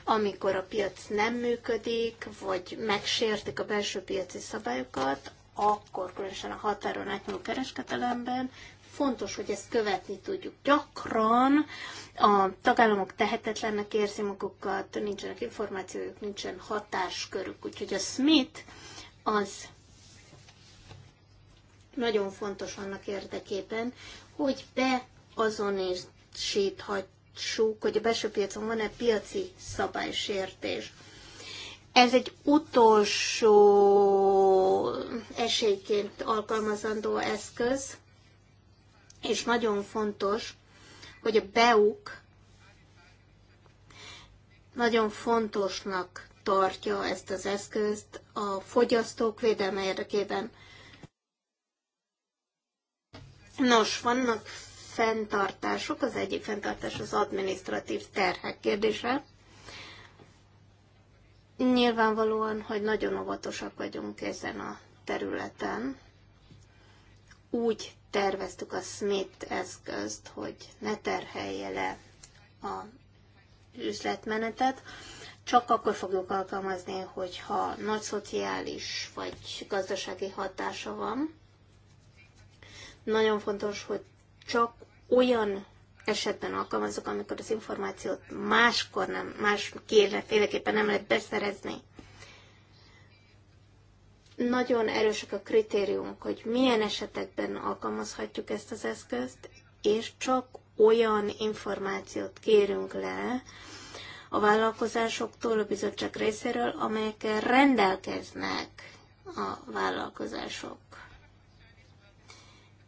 amikor a piac nem működik, vagy megsértik a belső piaci szabályokat, akkor különösen a határon átnyúló kereskedelemben fontos, hogy ezt követni tudjuk. Gyakran a tagállamok tehetetlennek érzi magukat, nincsenek információjuk, nincsen hatáskörük. Úgyhogy a Smith az nagyon fontos annak érdekében, hogy beazonosíthassuk, hogy a belső piacon van-e piaci szabálysértés. Ez egy utolsó esélyként alkalmazandó eszköz, és nagyon fontos, hogy a BEUK nagyon fontosnak tartja ezt az eszközt a fogyasztók védelme érdekében. Nos, vannak fenntartások, az egyik fenntartás az administratív terhek kérdése. Nyilvánvalóan, hogy nagyon óvatosak vagyunk ezen a területen. Úgy terveztük a Smith eszközt, hogy ne terhelje le a üzletmenetet, csak akkor fogjuk alkalmazni, hogyha nagy szociális vagy gazdasági hatása van. Nagyon fontos, hogy csak olyan esetben alkalmazzuk, amikor az információt máskor nem, más féleképpen nem lehet beszerezni nagyon erősek a kritériumok, hogy milyen esetekben alkalmazhatjuk ezt az eszközt, és csak olyan információt kérünk le a vállalkozásoktól, a bizottság részéről, amelyekkel rendelkeznek a vállalkozások.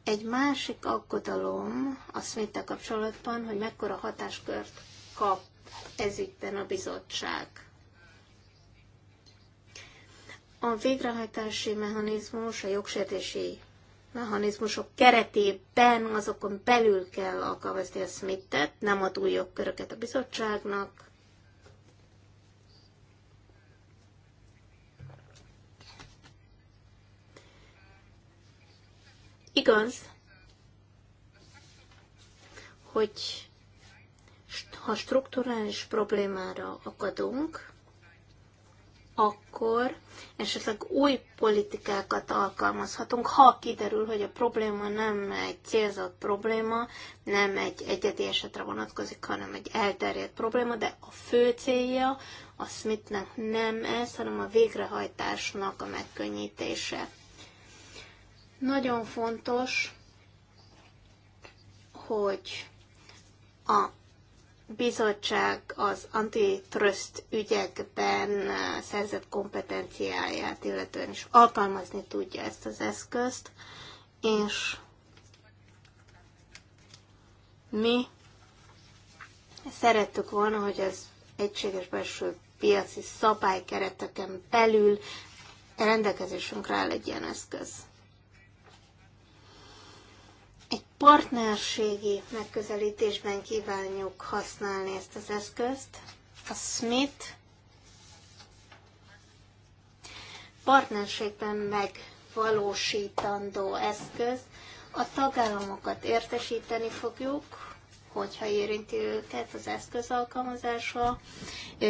Egy másik aggodalom a szminte kapcsolatban, hogy mekkora hatáskört kap ezügyben a bizottság a végrehajtási mechanizmus, a jogsértési mechanizmusok keretében azokon belül kell alkalmazni a smith nem ad új jogköröket a bizottságnak. Igaz, hogy ha strukturális problémára akadunk, akkor akkor esetleg új politikákat alkalmazhatunk, ha kiderül, hogy a probléma nem egy célzott probléma, nem egy egyedi esetre vonatkozik, hanem egy elterjedt probléma, de a fő célja a Smithnek nem ez, hanem a végrehajtásnak a megkönnyítése. Nagyon fontos, hogy a bizottság az antitrust ügyekben eh, szerzett kompetenciáját, illetően is alkalmazni tudja ezt az eszközt, és mi szerettük volna, hogy az egységes belső piaci szabálykereteken belül rendelkezésünkre áll egy ilyen eszköz. Egy partnerségi megközelítésben kívánjuk használni ezt az eszközt. A Smith partnerségben megvalósítandó eszköz. A tagállamokat értesíteni fogjuk, hogyha érinti őket az eszköz alkalmazása.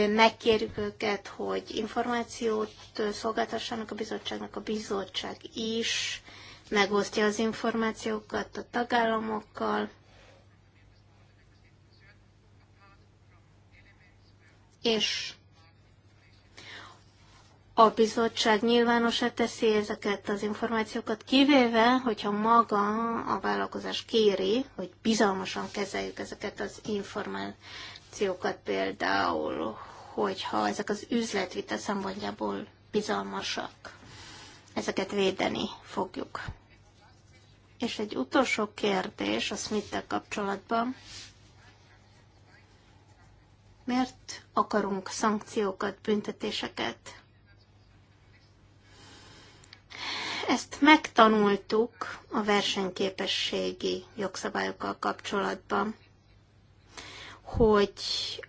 Megkérjük őket, hogy információt szolgáltassanak a bizottságnak, a bizottság is megosztja az információkat a tagállamokkal, és a bizottság nyilvánosá teszi ezeket az információkat, kivéve, hogyha maga a vállalkozás kéri, hogy bizalmasan kezeljük ezeket az információkat, például, hogyha ezek az üzletvite szempontjából bizalmasak ezeket védeni fogjuk. És egy utolsó kérdés a smith kapcsolatban. Miért akarunk szankciókat, büntetéseket? Ezt megtanultuk a versenyképességi jogszabályokkal kapcsolatban, hogy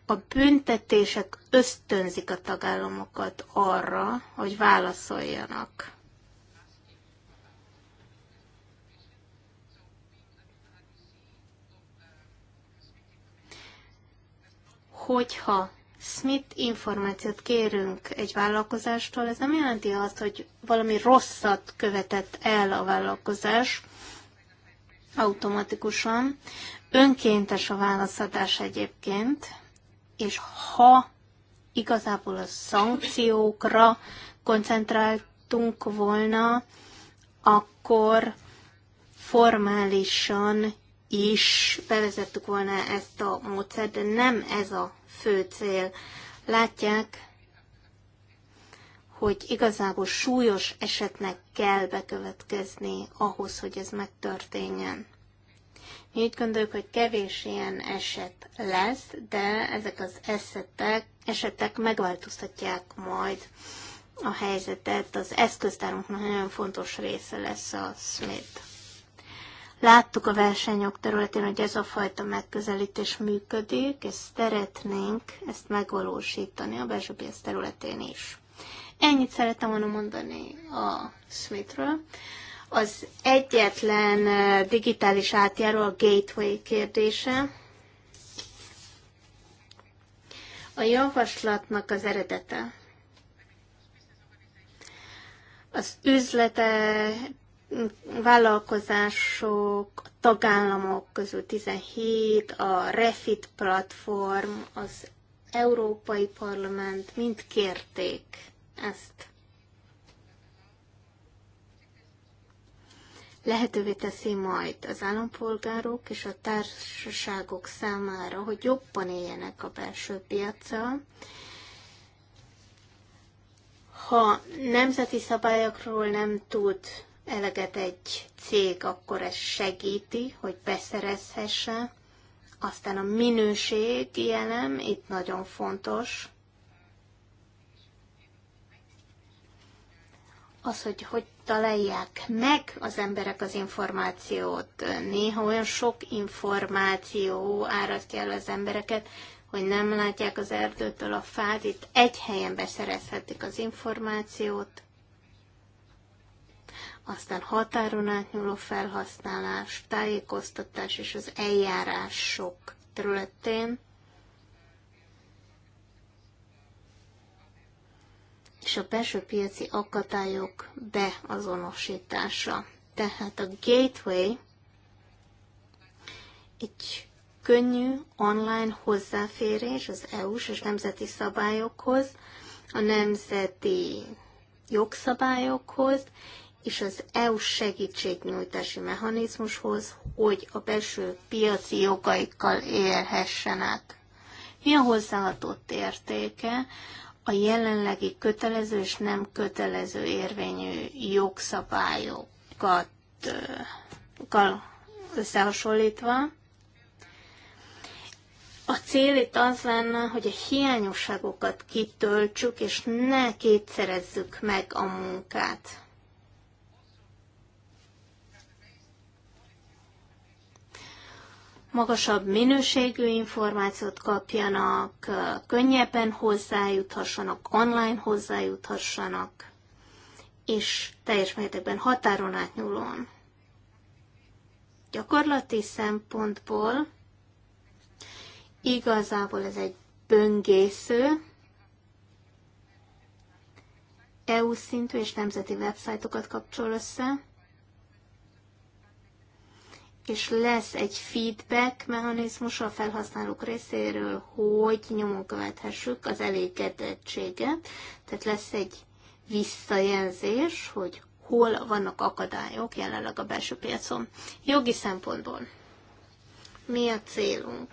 a büntetések ösztönzik a tagállamokat arra, hogy válaszoljanak hogyha Smith információt kérünk egy vállalkozástól, ez nem jelenti azt, hogy valami rosszat követett el a vállalkozás automatikusan. Önkéntes a válaszadás egyébként, és ha igazából a szankciókra koncentráltunk volna, akkor formálisan is bevezettük volna ezt a módszert, de nem ez a fő cél. Látják, hogy igazából súlyos esetnek kell bekövetkezni ahhoz, hogy ez megtörténjen. Mi úgy gondoljuk, hogy kevés ilyen eset lesz, de ezek az esetek, esetek megváltoztatják majd a helyzetet. Az eszköztárunk nagyon fontos része lesz a Smith. Láttuk a versenyok területén, hogy ez a fajta megközelítés működik, és szeretnénk ezt megvalósítani a belső piac területén is. Ennyit szeretem volna mondani a Smithről. Az egyetlen digitális átjáró a gateway kérdése. A javaslatnak az eredete az üzlete vállalkozások, a tagállamok közül 17, a Refit platform, az Európai Parlament mind kérték ezt. Lehetővé teszi majd az állampolgárok és a társaságok számára, hogy jobban éljenek a belső piacsal, ha nemzeti szabályokról nem tud eleget egy cég, akkor ez segíti, hogy beszerezhesse. Aztán a minőségi jelem itt nagyon fontos. Az, hogy hogy találják meg az emberek az információt. Néha olyan sok információ árasztja el az embereket, hogy nem látják az erdőtől a fát. Itt egy helyen beszerezhetik az információt aztán határon átnyúló felhasználás, tájékoztatás és az eljárások területén, és a belső piaci akadályok beazonosítása. Tehát a gateway egy könnyű online hozzáférés az EU-s és nemzeti szabályokhoz, a nemzeti jogszabályokhoz, és az EU segítségnyújtási mechanizmushoz, hogy a belső piaci jogaikkal élhessenek. Mi a hozzáadott értéke a jelenlegi kötelező és nem kötelező érvényű jogszabályokat összehasonlítva? A cél itt az lenne, hogy a hiányosságokat kitöltsük, és ne kétszerezzük meg a munkát. magasabb minőségű információt kapjanak, könnyebben hozzájuthassanak, online hozzájuthassanak, és teljes mértékben határon átnyúlóan. Gyakorlati szempontból igazából ez egy böngésző, EU szintű és nemzeti websájtokat kapcsol össze, és lesz egy feedback mechanizmus a felhasználók részéről, hogy nyomon követhessük az elégedettséget, tehát lesz egy visszajelzés, hogy hol vannak akadályok jelenleg a belső piacon. Jogi szempontból mi a célunk?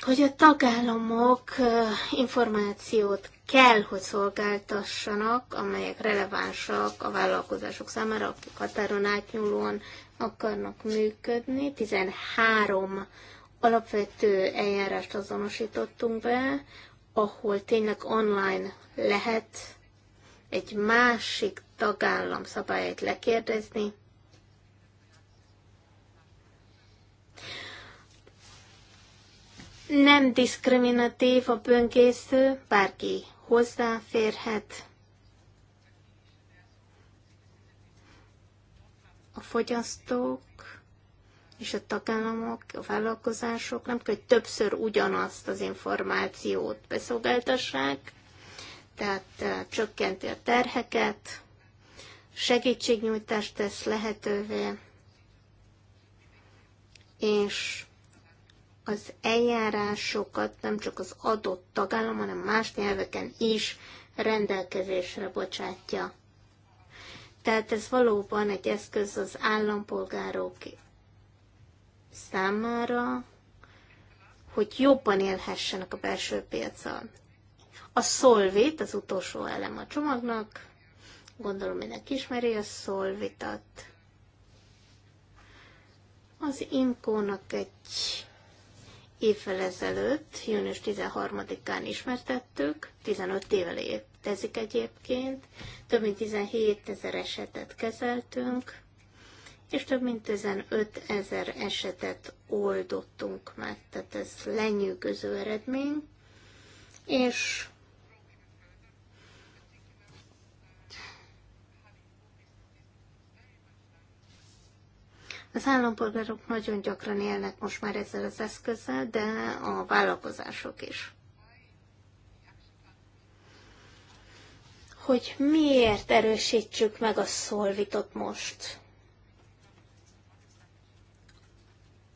Hogy a tagállamok információt kell, hogy szolgáltassanak, amelyek relevánsak a vállalkozások számára, akik határon átnyúlóan akarnak működni. 13 alapvető eljárást azonosítottunk be, ahol tényleg online lehet egy másik tagállam szabályait lekérdezni. Nem diszkriminatív a böngésző, bárki hozzáférhet a fogyasztók és a tagállamok, a vállalkozások nem kell, hogy többször ugyanazt az információt beszolgáltassák, tehát eh, csökkenti a terheket, segítségnyújtást tesz lehetővé, és az eljárásokat nem csak az adott tagállam, hanem más nyelveken is rendelkezésre bocsátja. Tehát ez valóban egy eszköz az állampolgárok számára, hogy jobban élhessenek a belső piacon. A Solvit az utolsó elem a csomagnak, gondolom mindenki ismeri a Solvitat. Az Imkónak egy évvel ezelőtt, június 13-án ismertettük, 15 éve lép tezik egyébként. Több mint 17 ezer esetet kezeltünk, és több mint 15 ezer esetet oldottunk meg, tehát ez lenyűgöző eredmény, és Az állampolgárok nagyon gyakran élnek most már ezzel az eszközzel, de a vállalkozások is. hogy miért erősítsük meg a szolvitot most.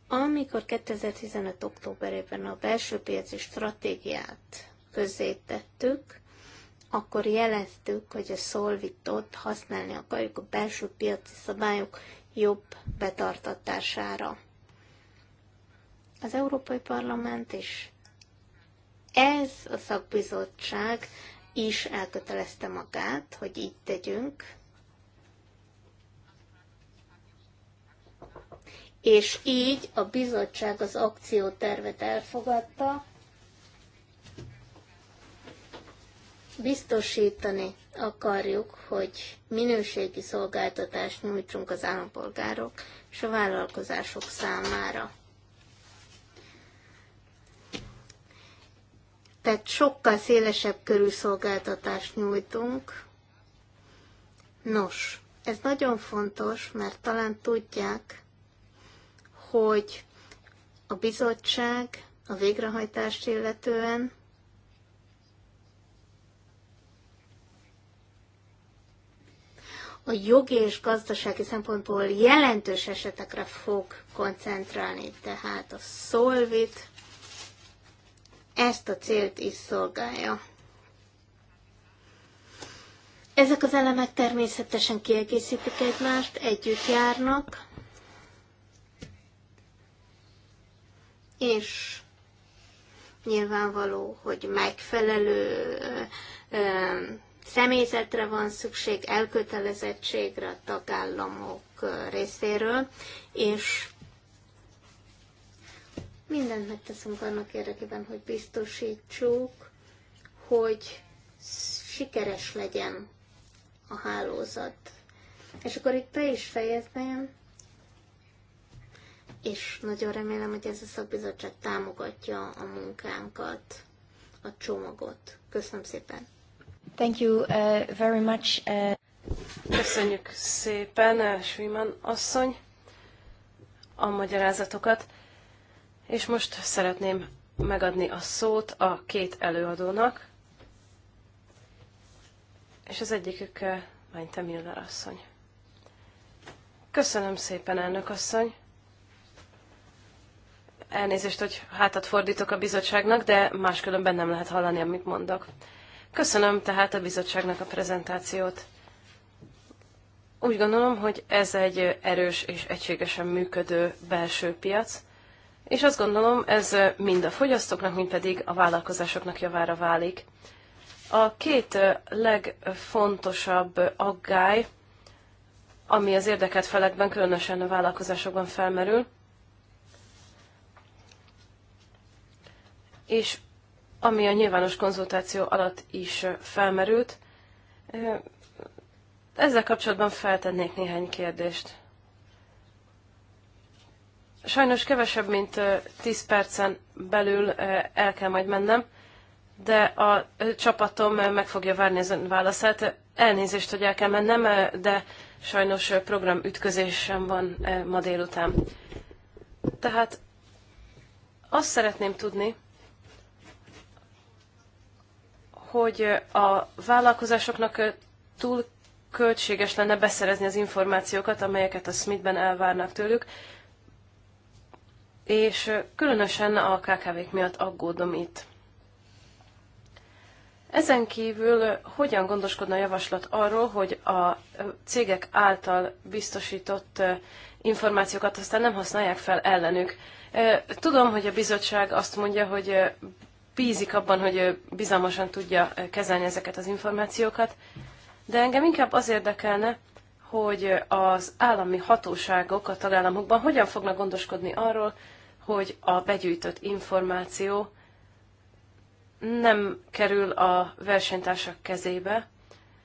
Amikor 2015. októberében a belső piaci stratégiát közzétettük, akkor jeleztük, hogy a szolvitot használni akarjuk a belső piaci szabályok jobb betartatására. Az Európai Parlament is. Ez a szakbizottság is elkötelezte magát, hogy így tegyünk, és így a bizottság az akciótervet elfogadta, biztosítani akarjuk, hogy minőségi szolgáltatást nyújtsunk az állampolgárok és a vállalkozások számára. Tehát sokkal szélesebb körű szolgáltatást nyújtunk. Nos, ez nagyon fontos, mert talán tudják, hogy a bizottság a végrehajtást illetően a jogi és gazdasági szempontból jelentős esetekre fog koncentrálni, tehát a Solvit ezt a célt is szolgálja. Ezek az elemek természetesen kiegészítik egymást, együtt járnak, és nyilvánvaló, hogy megfelelő személyzetre van szükség, elkötelezettségre a tagállamok részéről, és Mindent megteszünk annak érdekében, hogy biztosítsuk, hogy sikeres legyen a hálózat. És akkor itt be is fejezném, és nagyon remélem, hogy ez a szakbizottság támogatja a munkánkat, a csomagot. Köszönöm szépen! Thank you uh, very much. Uh... Köszönjük szépen, Sviman asszony, a magyarázatokat. És most szeretném megadni a szót a két előadónak, és az egyikük eh, Mányte Miller asszony. Köszönöm szépen, elnök asszony! Elnézést, hogy hátat fordítok a bizottságnak, de máskülönben nem lehet hallani, amit mondok. Köszönöm tehát a bizottságnak a prezentációt. Úgy gondolom, hogy ez egy erős és egységesen működő belső piac, és azt gondolom, ez mind a fogyasztóknak, mind pedig a vállalkozásoknak javára válik. A két legfontosabb aggály, ami az érdekelt felekben, különösen a vállalkozásokban felmerül, és ami a nyilvános konzultáció alatt is felmerült, ezzel kapcsolatban feltennék néhány kérdést. Sajnos kevesebb, mint 10 percen belül el kell majd mennem, de a csapatom meg fogja várni az ön válaszát. Elnézést, hogy el kell mennem, de sajnos ütközésem van ma délután. Tehát azt szeretném tudni, hogy a vállalkozásoknak túl költséges lenne beszerezni az információkat, amelyeket a Smithben elvárnak tőlük, és különösen a KKV-k miatt aggódom itt. Ezen kívül hogyan gondoskodna a javaslat arról, hogy a cégek által biztosított információkat aztán nem használják fel ellenük? Tudom, hogy a bizottság azt mondja, hogy bízik abban, hogy bizalmasan tudja kezelni ezeket az információkat, de engem inkább az érdekelne, hogy az állami hatóságok a tagállamokban hogyan fognak gondoskodni arról, hogy a begyűjtött információ nem kerül a versenytársak kezébe,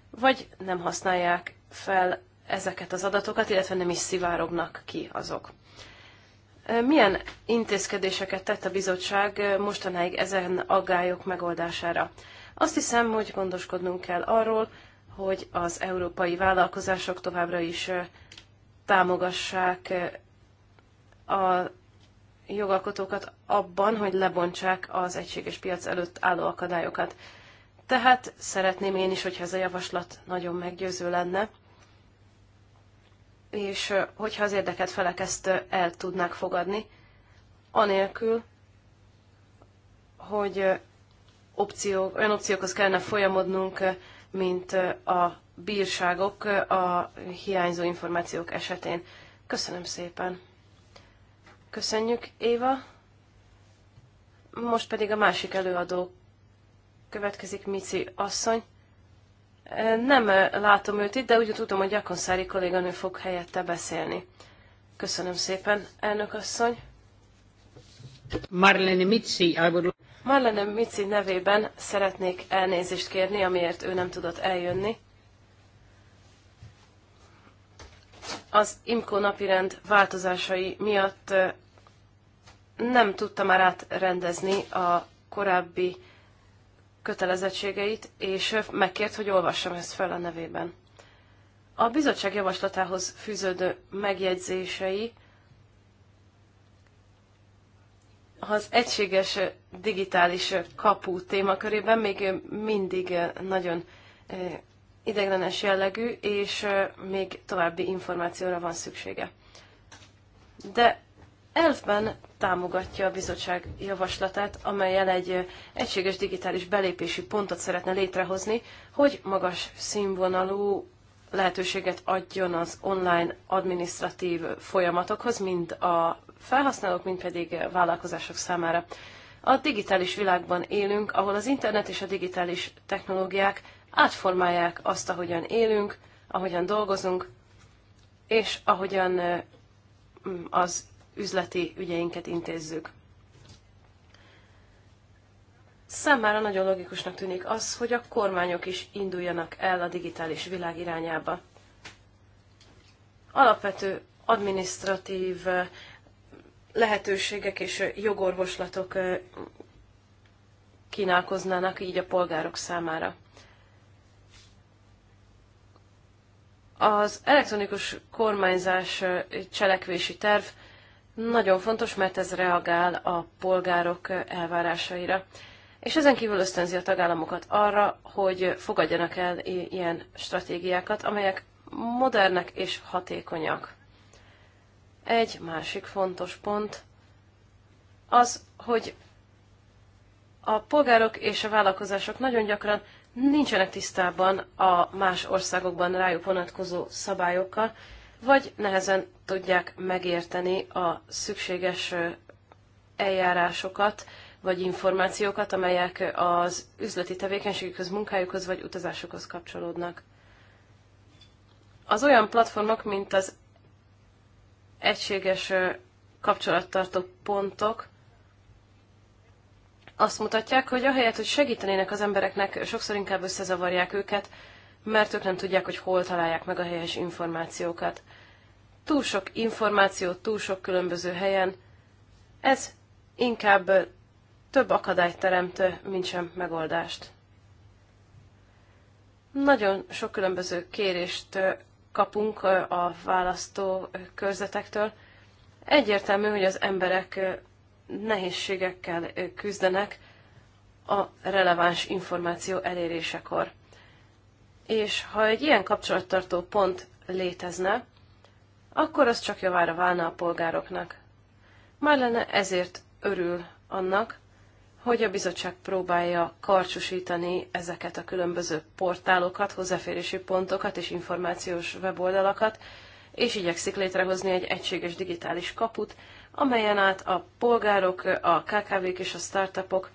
vagy nem használják fel ezeket az adatokat, illetve nem is szivárognak ki azok. Milyen intézkedéseket tett a bizottság mostanáig ezen aggályok megoldására? Azt hiszem, hogy gondoskodnunk kell arról, hogy az európai vállalkozások továbbra is támogassák a jogalkotókat abban, hogy lebontsák az egységes piac előtt álló akadályokat. Tehát szeretném én is, hogyha ez a javaslat nagyon meggyőző lenne, és hogyha az érdeket felek ezt el tudnák fogadni, anélkül, hogy opciók, olyan opciókhoz kellene folyamodnunk, mint a bírságok a hiányzó információk esetén. Köszönöm szépen! Köszönjük, Éva. Most pedig a másik előadó következik, Mici asszony. Nem látom őt itt, de úgy tudom, hogy Gyakonszári kolléganő fog helyette beszélni. Köszönöm szépen, elnök asszony. Marlene Mici, I Marlene Mici nevében szeretnék elnézést kérni, amiért ő nem tudott eljönni. az IMCO napirend változásai miatt nem tudta már átrendezni a korábbi kötelezettségeit, és megkért, hogy olvassam ezt fel a nevében. A bizottság javaslatához fűződő megjegyzései az egységes digitális kapu témakörében még mindig nagyon ideglenes jellegű, és még további információra van szüksége. De elfben támogatja a bizottság javaslatát, amelyel egy egységes digitális belépési pontot szeretne létrehozni, hogy magas színvonalú lehetőséget adjon az online administratív folyamatokhoz, mind a felhasználók, mind pedig vállalkozások számára. A digitális világban élünk, ahol az internet és a digitális technológiák átformálják azt, ahogyan élünk, ahogyan dolgozunk, és ahogyan az üzleti ügyeinket intézzük. Számára nagyon logikusnak tűnik az, hogy a kormányok is induljanak el a digitális világ irányába. Alapvető administratív lehetőségek és jogorvoslatok kínálkoznának így a polgárok számára. Az elektronikus kormányzás cselekvési terv nagyon fontos, mert ez reagál a polgárok elvárásaira. És ezen kívül ösztönzi a tagállamokat arra, hogy fogadjanak el ilyen stratégiákat, amelyek modernek és hatékonyak. Egy másik fontos pont az, hogy a polgárok és a vállalkozások nagyon gyakran nincsenek tisztában a más országokban rájuk vonatkozó szabályokkal, vagy nehezen tudják megérteni a szükséges eljárásokat, vagy információkat, amelyek az üzleti tevékenységükhöz, munkájukhoz vagy utazásukhoz kapcsolódnak. Az olyan platformok, mint az egységes kapcsolattartó pontok, azt mutatják, hogy ahelyett, hogy segítenének az embereknek, sokszor inkább összezavarják őket, mert ők nem tudják, hogy hol találják meg a helyes információkat. Túl sok információ, túl sok különböző helyen, ez inkább több akadályt teremt, mint sem megoldást. Nagyon sok különböző kérést kapunk a választó körzetektől. Egyértelmű, hogy az emberek nehézségekkel küzdenek a releváns információ elérésekor. És ha egy ilyen kapcsolattartó pont létezne, akkor az csak javára válna a polgároknak. lenne ezért örül annak, hogy a bizottság próbálja karcsúsítani ezeket a különböző portálokat, hozzáférési pontokat és információs weboldalakat, és igyekszik létrehozni egy egységes digitális kaput, amelyen át a polgárok, a KKV-k és a startupok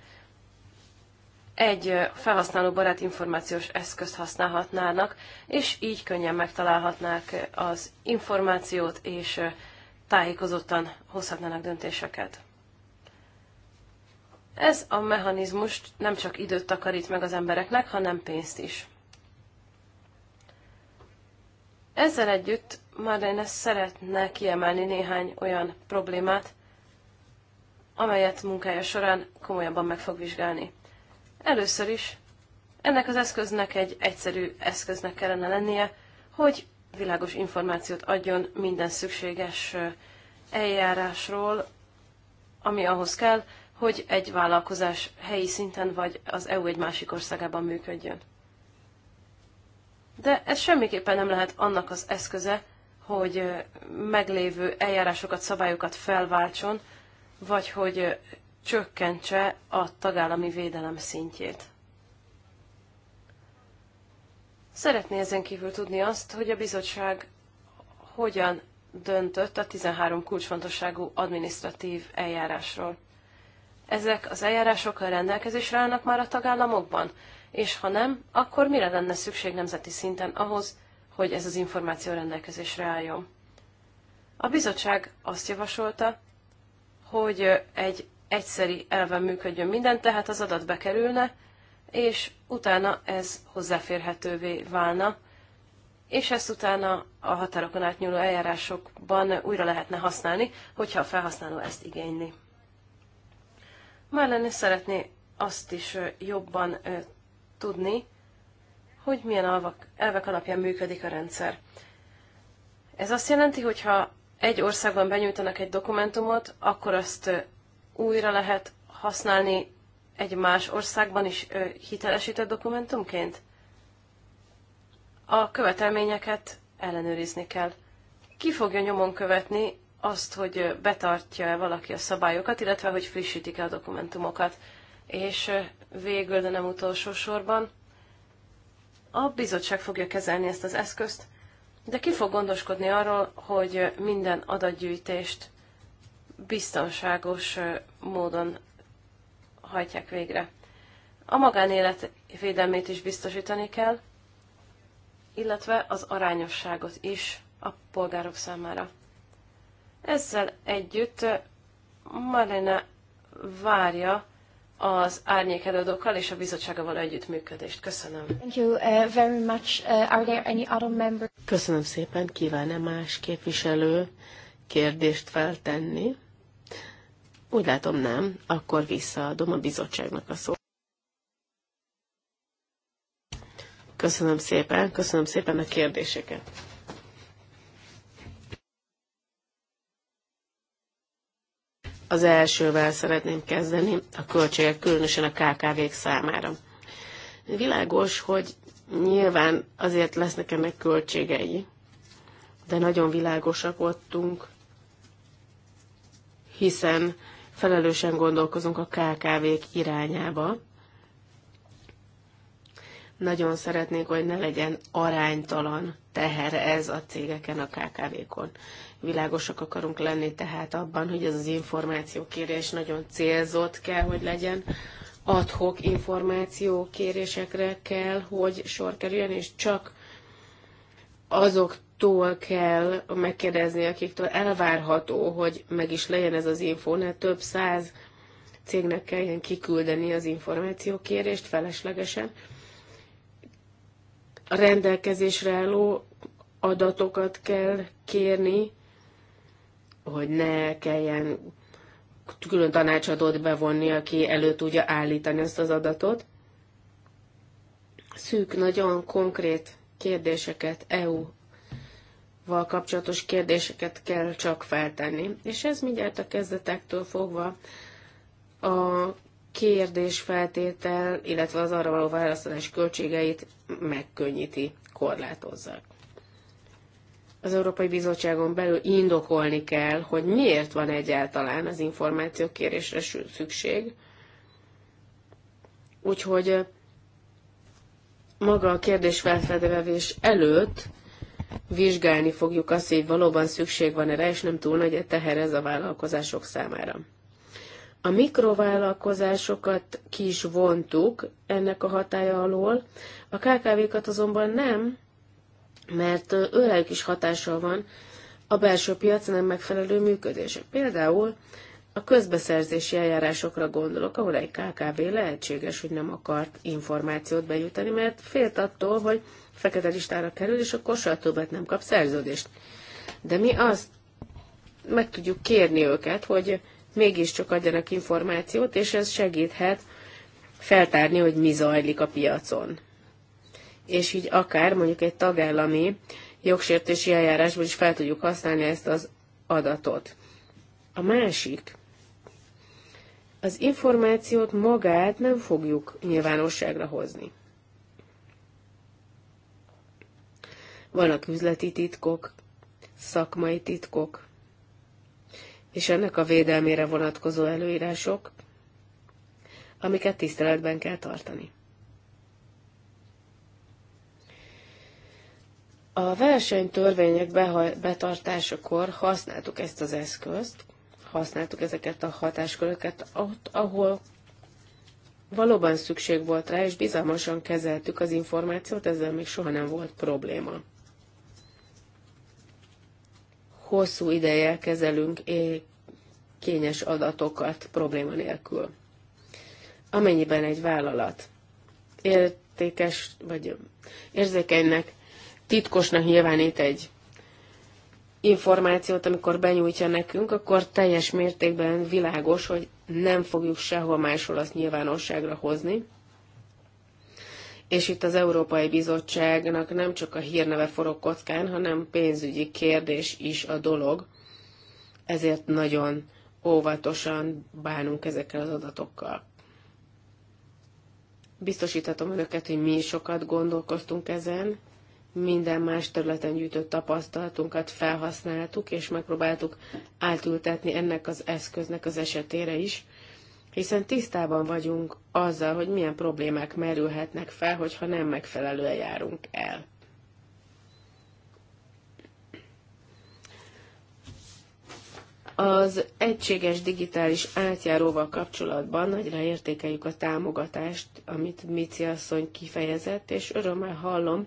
egy felhasználóbarát információs eszközt használhatnának, és így könnyen megtalálhatnák az információt, és tájékozottan hozhatnának döntéseket. Ez a mechanizmus nem csak időt takarít meg az embereknek, hanem pénzt is. Ezzel együtt Marlene szeretne kiemelni néhány olyan problémát, amelyet munkája során komolyabban meg fog vizsgálni. Először is ennek az eszköznek egy egyszerű eszköznek kellene lennie, hogy világos információt adjon minden szükséges eljárásról, ami ahhoz kell, hogy egy vállalkozás helyi szinten vagy az EU egy másik országában működjön. De ez semmiképpen nem lehet annak az eszköze, hogy meglévő eljárásokat, szabályokat felváltson, vagy hogy csökkentse a tagállami védelem szintjét. Szeretné ezen kívül tudni azt, hogy a bizottság hogyan döntött a 13 kulcsfontosságú adminisztratív eljárásról. Ezek az eljárások a rendelkezésre állnak már a tagállamokban, és ha nem, akkor mire lenne szükség nemzeti szinten ahhoz, hogy ez az információ rendelkezésre álljon. A bizottság azt javasolta, hogy egy egyszeri elven működjön minden, tehát az adat bekerülne, és utána ez hozzáférhetővé válna, és ezt utána a határokon átnyúló eljárásokban újra lehetne használni, hogyha a felhasználó ezt igényli. Marlene szeretné azt is jobban tudni, hogy milyen alvak, elvek alapján működik a rendszer. Ez azt jelenti, hogy ha egy országban benyújtanak egy dokumentumot, akkor azt újra lehet használni egy más országban is hitelesített dokumentumként? A követelményeket ellenőrizni kell. Ki fogja nyomon követni azt, hogy betartja-e valaki a szabályokat, illetve hogy frissítik-e a dokumentumokat? És végül, de nem utolsó sorban, a bizottság fogja kezelni ezt az eszközt, de ki fog gondoskodni arról, hogy minden adatgyűjtést biztonságos módon hajtják végre. A magánélet védelmét is biztosítani kell, illetve az arányosságot is a polgárok számára. Ezzel együtt Marina várja az árnyék előadókkal és a bizottsága való együttműködést. Köszönöm. Thank you uh, very much. Uh, are there any other members? Köszönöm szépen. Kíván-e más képviselő kérdést feltenni? Úgy látom nem, akkor visszaadom a bizottságnak a szót. Köszönöm szépen, köszönöm szépen a kérdéseket. Az elsővel szeretném kezdeni, a költségek különösen a KKV-k számára. Világos, hogy nyilván azért lesznek ennek költségei, de nagyon világosak voltunk, hiszen felelősen gondolkozunk a KKV-k irányába. Nagyon szeretnék, hogy ne legyen aránytalan teher ez a cégeken, a KKV-kon. Világosak akarunk lenni tehát abban, hogy ez az információkérés nagyon célzott kell, hogy legyen, adhok információkérésekre kell, hogy sor kerüljön, és csak azoktól kell megkérdezni, akiktől elvárható, hogy meg is legyen ez az info, több száz cégnek kelljen kiküldeni az információkérést feleslegesen rendelkezésre álló adatokat kell kérni, hogy ne kelljen külön tanácsadót bevonni, aki elő tudja állítani ezt az adatot. Szűk, nagyon konkrét kérdéseket, EU-val kapcsolatos kérdéseket kell csak feltenni. És ez mindjárt a kezdetektől fogva a kérdésfeltétel, illetve az arra való választás költségeit megkönnyíti, korlátozzák. Az Európai Bizottságon belül indokolni kell, hogy miért van egyáltalán az információk kérésre szükség. Úgyhogy maga a kérdés felfedevevés előtt vizsgálni fogjuk azt, hogy valóban szükség van erre, és nem túl nagy a teher ez a vállalkozások számára. A mikrovállalkozásokat ki is vontuk ennek a hatája alól, a KKV-kat azonban nem, mert őrejük is hatása van a belső piac nem megfelelő működése. Például a közbeszerzési eljárásokra gondolok, ahol egy KKV lehetséges, hogy nem akart információt bejutani, mert félt attól, hogy fekete listára kerül, és akkor soha többet nem kap szerződést. De mi azt meg tudjuk kérni őket, hogy mégiscsak adjanak információt, és ez segíthet feltárni, hogy mi zajlik a piacon. És így akár mondjuk egy tagállami jogsértési eljárásban is fel tudjuk használni ezt az adatot. A másik, az információt magát nem fogjuk nyilvánosságra hozni. Vannak üzleti titkok, szakmai titkok, és ennek a védelmére vonatkozó előírások, amiket tiszteletben kell tartani. A versenytörvények betartásakor használtuk ezt az eszközt, használtuk ezeket a hatásköröket ott, ahol valóban szükség volt rá, és bizalmasan kezeltük az információt, ezzel még soha nem volt probléma hosszú ideje kezelünk kényes adatokat probléma nélkül. Amennyiben egy vállalat értékes vagy érzékenynek, titkosnak nyilvánít egy információt, amikor benyújtja nekünk, akkor teljes mértékben világos, hogy nem fogjuk sehol máshol azt nyilvánosságra hozni, és itt az Európai Bizottságnak nem csak a hírneve forog kockán, hanem pénzügyi kérdés is a dolog, ezért nagyon óvatosan bánunk ezekkel az adatokkal. Biztosíthatom önöket, hogy mi sokat gondolkoztunk ezen, minden más területen gyűjtött tapasztalatunkat felhasználtuk, és megpróbáltuk átültetni ennek az eszköznek az esetére is, hiszen tisztában vagyunk azzal, hogy milyen problémák merülhetnek fel, hogyha nem megfelelően járunk el. Az egységes digitális átjáróval kapcsolatban nagyra értékeljük a támogatást, amit Mici asszony kifejezett, és örömmel hallom,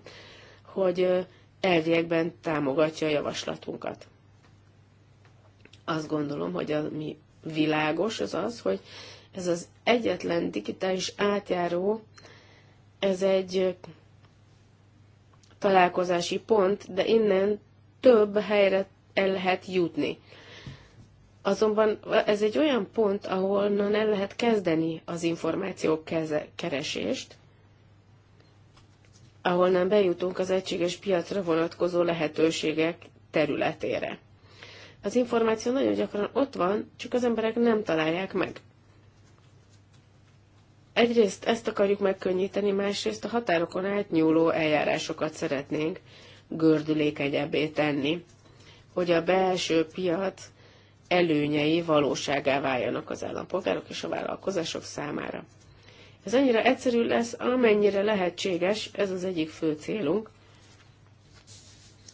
hogy elviekben támogatja a javaslatunkat. Azt gondolom, hogy ami világos az az, hogy ez az egyetlen digitális átjáró, ez egy találkozási pont, de innen több helyre el lehet jutni. Azonban ez egy olyan pont, ahonnan el lehet kezdeni az információk keze- keresést, ahonnan bejutunk az egységes piacra vonatkozó lehetőségek területére. Az információ nagyon gyakran ott van, csak az emberek nem találják meg. Egyrészt ezt akarjuk megkönnyíteni, másrészt a határokon átnyúló eljárásokat szeretnénk gördülékenyebbé tenni, hogy a belső piac előnyei valóságá váljanak az állampolgárok és a vállalkozások számára. Ez annyira egyszerű lesz, amennyire lehetséges, ez az egyik fő célunk.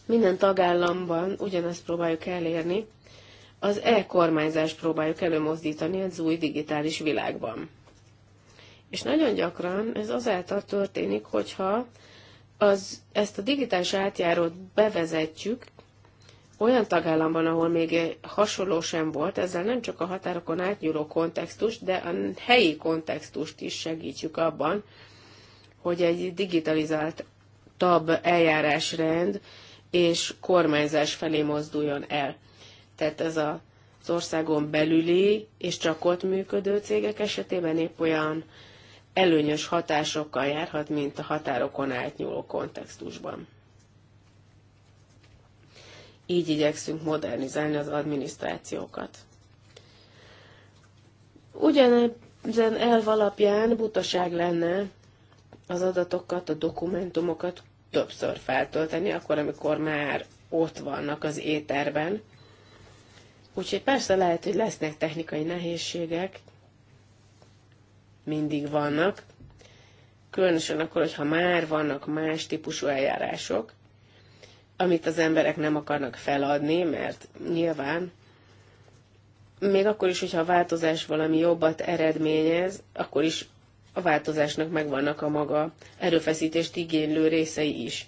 Minden tagállamban ugyanezt próbáljuk elérni, az e-kormányzást próbáljuk előmozdítani az új digitális világban. És nagyon gyakran ez azáltal történik, hogyha az, ezt a digitális átjárót bevezetjük olyan tagállamban, ahol még hasonló sem volt, ezzel nem csak a határokon átnyúló kontextust, de a helyi kontextust is segítjük abban, hogy egy digitalizált tab eljárásrend és kormányzás felé mozduljon el. Tehát ez a, az országon belüli és csak ott működő cégek esetében épp olyan előnyös hatásokkal járhat, mint a határokon átnyúló kontextusban. Így igyekszünk modernizálni az adminisztrációkat. Ugyanezen elv alapján butaság lenne az adatokat, a dokumentumokat többször feltölteni, akkor, amikor már ott vannak az éterben. Úgyhogy persze lehet, hogy lesznek technikai nehézségek, mindig vannak, különösen akkor, hogyha már vannak más típusú eljárások, amit az emberek nem akarnak feladni, mert nyilván még akkor is, hogyha a változás valami jobbat eredményez, akkor is a változásnak megvannak a maga erőfeszítést igénylő részei is.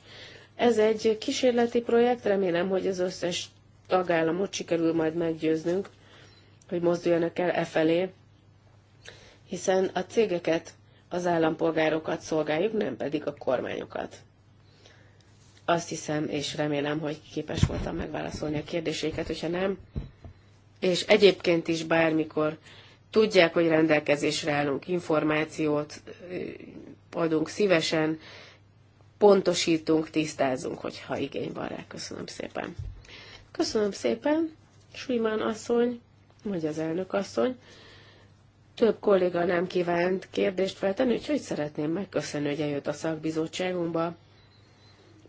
Ez egy kísérleti projekt, remélem, hogy az összes tagállamot sikerül majd meggyőznünk, hogy mozduljanak el e felé, hiszen a cégeket, az állampolgárokat szolgáljuk, nem pedig a kormányokat. Azt hiszem, és remélem, hogy képes voltam megválaszolni a kérdéseiket, hogyha nem, és egyébként is bármikor tudják, hogy rendelkezésre állunk, információt adunk szívesen, pontosítunk, tisztázunk, hogyha igény van rá. Köszönöm szépen. Köszönöm szépen, Suimán asszony, vagy az elnök asszony. Több kolléga nem kívánt kérdést feltenni, úgyhogy szeretném megköszönni, hogy eljött a szakbizottságunkba.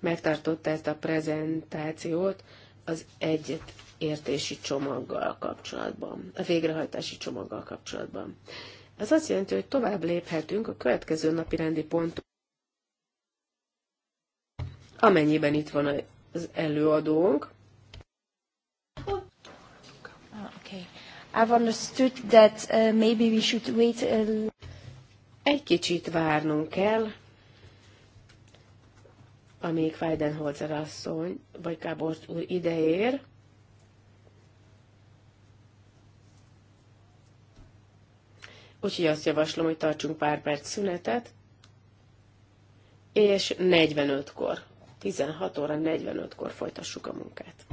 Megtartotta ezt a prezentációt az egyet értési csomaggal kapcsolatban, a végrehajtási csomaggal kapcsolatban. Ez azt jelenti, hogy tovább léphetünk a következő napi rendi ponton, amennyiben itt van az előadónk, I've understood that uh, maybe we should wait a... Egy kicsit várnunk kell, amíg Weidenholzer asszony vagy Gábor úr ideér. Úgyhogy azt javaslom, hogy tartsunk pár perc szünetet, és 45-kor, 16 óra 45-kor folytassuk a munkát.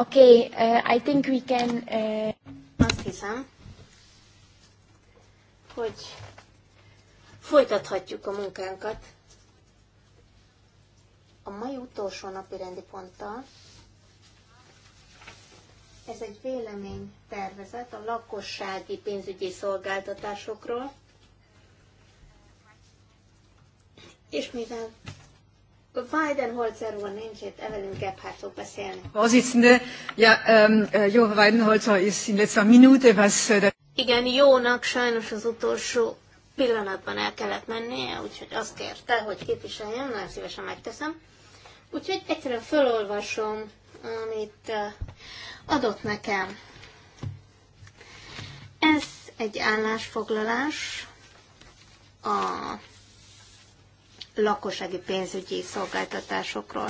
Okay, uh, I think we can... Uh... Azt hiszem, hogy folytathatjuk a munkánkat. A mai utolsó napi rendi ponttal ez egy vélemény tervezet a lakossági pénzügyi szolgáltatásokról, és mivel Weidenholzer úr nincs itt, Evelyn Gebhardt fog beszélni. Vorsitzende, ja, um, ähm, äh, jó, Weidenholzer ist in letzter Minute, was... Äh, De... Igen, jónak sajnos az utolsó pillanatban el kellett mennie, úgyhogy azt kérte, hogy képviseljem, nagyon szívesen megteszem. Úgyhogy egyszerűen felolvasom, amit äh, adott nekem. Ez egy állásfoglalás a lakossági pénzügyi szolgáltatásokról.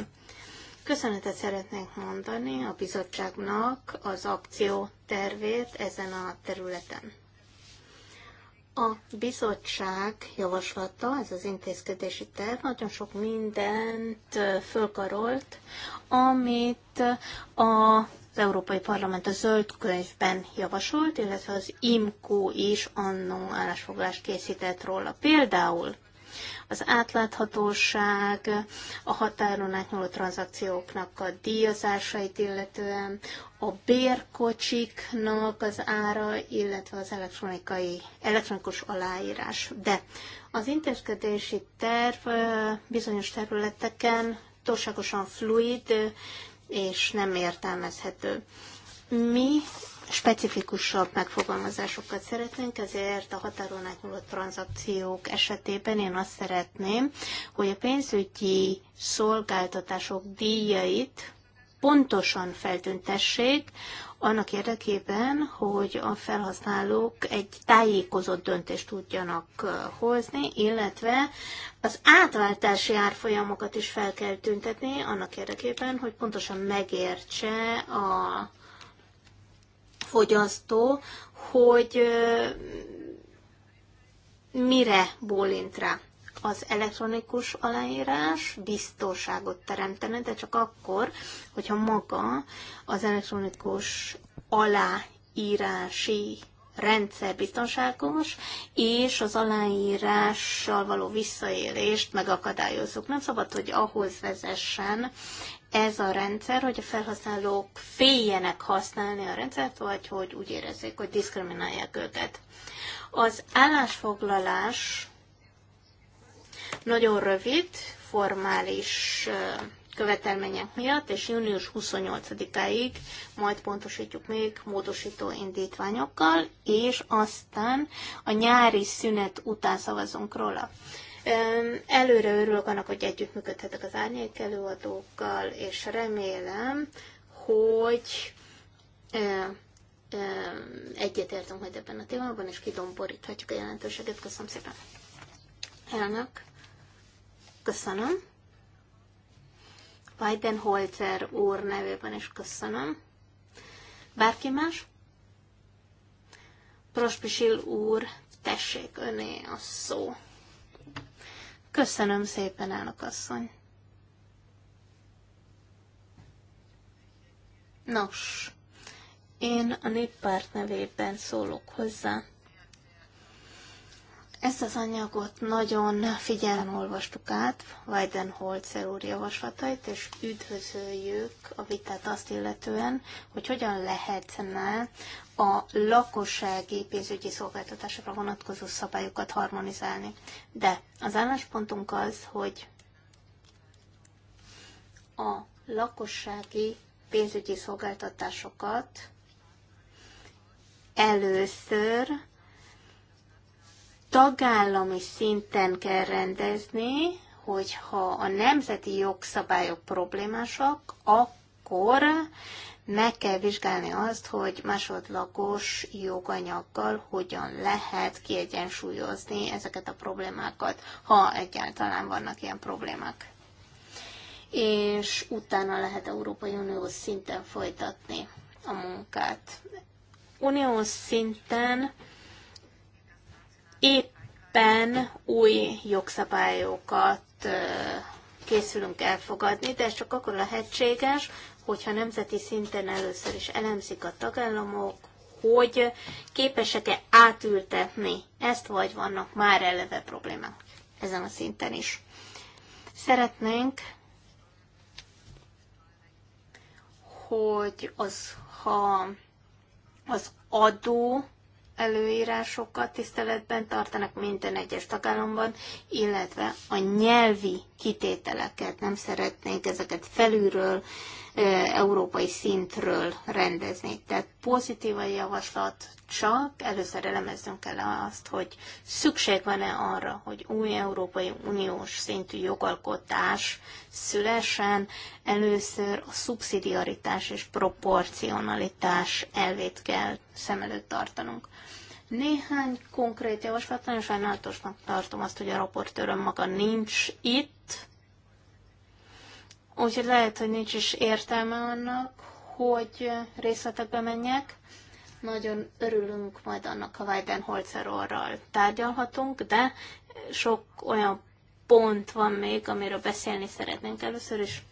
Köszönetet szeretnénk mondani a bizottságnak az akció tervét ezen a területen. A bizottság javaslata, ez az intézkedési terv nagyon sok mindent fölkarolt, amit a az Európai Parlament a zöld könyvben javasolt, illetve az IMCO is annó állásfoglalást készített róla. Például az átláthatóság, a határon átnyúló tranzakcióknak a díjazásait illetően, a bérkocsiknak az ára, illetve az elektronikai, elektronikus aláírás. De az intézkedési terv bizonyos területeken tosságosan fluid és nem értelmezhető. Mi specifikusabb megfogalmazásokat szeretnénk, ezért a határon átnyúló tranzakciók esetében én azt szeretném, hogy a pénzügyi szolgáltatások díjait pontosan feltüntessék, annak érdekében, hogy a felhasználók egy tájékozott döntést tudjanak hozni, illetve az átváltási árfolyamokat is fel kell tüntetni, annak érdekében, hogy pontosan megértse a fogyasztó, hogy mire bólint rá. Az elektronikus aláírás biztonságot teremtene, de csak akkor, hogyha maga az elektronikus aláírási rendszer biztonságos, és az aláírással való visszaélést megakadályozzuk. Nem szabad, hogy ahhoz vezessen ez a rendszer, hogy a felhasználók féljenek használni a rendszert, vagy hogy úgy érezzék, hogy diszkriminálják őket. Az állásfoglalás nagyon rövid, formális követelmények miatt, és június 28-áig majd pontosítjuk még módosító indítványokkal, és aztán a nyári szünet után szavazunk róla. Előre örülök annak, hogy együttműködhetek az árnyék előadókkal, és remélem, hogy egyetértünk majd ebben a témában, és kidomboríthatjuk a jelentőséget. Köszönöm szépen. Elnök, köszönöm. Weidenholzer úr nevében is köszönöm. Bárki más? Prospisil úr, tessék öné a szó. Köszönöm szépen, elnök asszony. Nos, én a néppárt nevében szólok hozzá. Ezt az anyagot nagyon figyelmen olvastuk át, Weidenholzer úr javaslatait, és üdvözöljük a vitát azt illetően, hogy hogyan lehetne a lakossági pénzügyi szolgáltatásokra vonatkozó szabályokat harmonizálni. De az álláspontunk az, hogy a lakossági pénzügyi szolgáltatásokat először tagállami szinten kell rendezni, hogyha a nemzeti jogszabályok problémásak, akkor meg kell vizsgálni azt, hogy másodlagos joganyaggal hogyan lehet kiegyensúlyozni ezeket a problémákat, ha egyáltalán vannak ilyen problémák. És utána lehet Európai Unió szinten folytatni a munkát. Unió szinten éppen új jogszabályokat készülünk elfogadni, de ez csak akkor lehetséges, hogyha nemzeti szinten először is elemzik a tagállamok, hogy képesek-e átültetni ezt, vagy vannak már eleve problémák ezen a szinten is. Szeretnénk, hogy az, ha az adó előírásokat tiszteletben tartanak minden egyes tagállamban, illetve a nyelvi kitételeket, nem szeretnénk ezeket felülről, európai szintről rendezni. Tehát pozitív a javaslat, csak először elemezzünk el azt, hogy szükség van-e arra, hogy új Európai Uniós szintű jogalkotás szülessen, először a szubszidiaritás és proporcionalitás elvét kell szem előtt tartanunk. Néhány konkrét javaslat, nagyon sajnálatosnak tartom azt, hogy a raportőröm maga nincs itt, úgyhogy lehet, hogy nincs is értelme annak, hogy részletekbe menjek. Nagyon örülünk majd annak, ha Weidenholzer orral tárgyalhatunk, de sok olyan pont van még, amiről beszélni szeretnénk először is.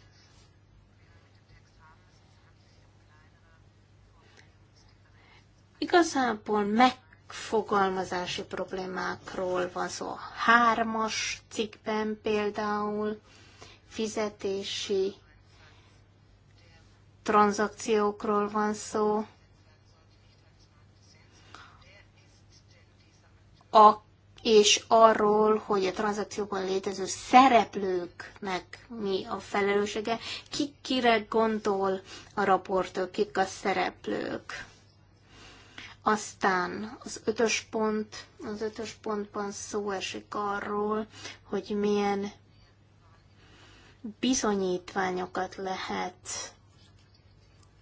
Igazából meg fogalmazási problémákról van szó. A hármas cikkben például fizetési tranzakciókról van szó. A, és arról, hogy a tranzakcióban létező szereplőknek mi a felelőssége, ki kire gondol a raportőr, kik a szereplők aztán az ötös pont, az ötös pontban szó esik arról, hogy milyen bizonyítványokat lehet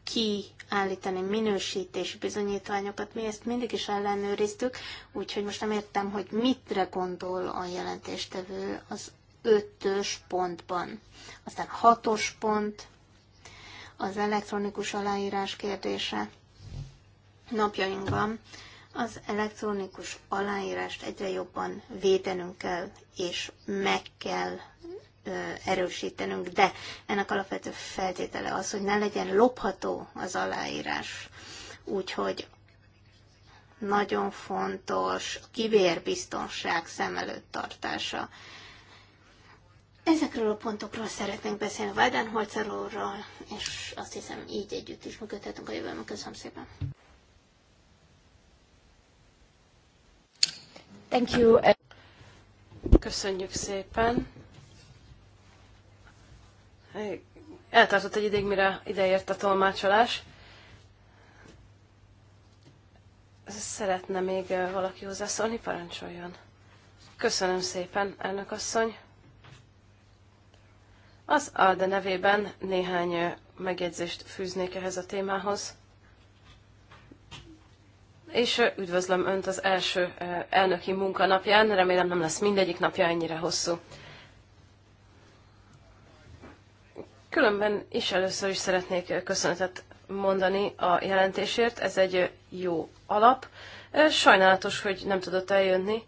kiállítani, minősítési bizonyítványokat. Mi ezt mindig is ellenőriztük, úgyhogy most nem értem, hogy mitre gondol a jelentéstevő az ötös pontban. Aztán hatos pont, az elektronikus aláírás kérdése napjainkban az elektronikus aláírást egyre jobban védenünk kell, és meg kell erősítenünk, de ennek alapvető feltétele az, hogy ne legyen lopható az aláírás. Úgyhogy nagyon fontos a kibérbiztonság szem előtt tartása. Ezekről a pontokról szeretnénk beszélni Weidenholzer úrral, és azt hiszem így együtt is működhetünk a jövőben. Köszönöm szépen! Thank you. Köszönjük szépen. Eltartott egy ideig, mire ideért a tolmácsolás. Szeretne még eh, valaki hozzászólni? Parancsoljon. Köszönöm szépen, elnök asszony. Az ALDE nevében néhány eh, megjegyzést fűznék ehhez a témához és üdvözlöm Önt az első elnöki munkanapján. Remélem nem lesz mindegyik napja ennyire hosszú. Különben is először is szeretnék köszönetet mondani a jelentésért. Ez egy jó alap. Sajnálatos, hogy nem tudott eljönni,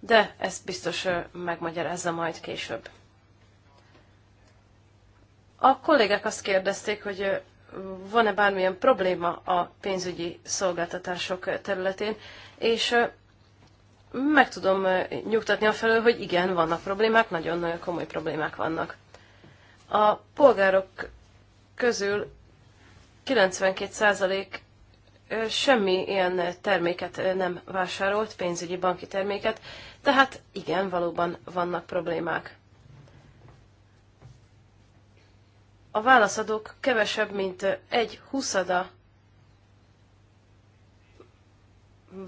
de ezt biztos megmagyarázza majd később. A kollégák azt kérdezték, hogy van-e bármilyen probléma a pénzügyi szolgáltatások területén, és meg tudom nyugtatni a felől, hogy igen, vannak problémák, nagyon komoly problémák vannak. A polgárok közül 92% semmi ilyen terméket nem vásárolt, pénzügyi banki terméket, tehát igen, valóban vannak problémák. a válaszadók kevesebb, mint egy huszada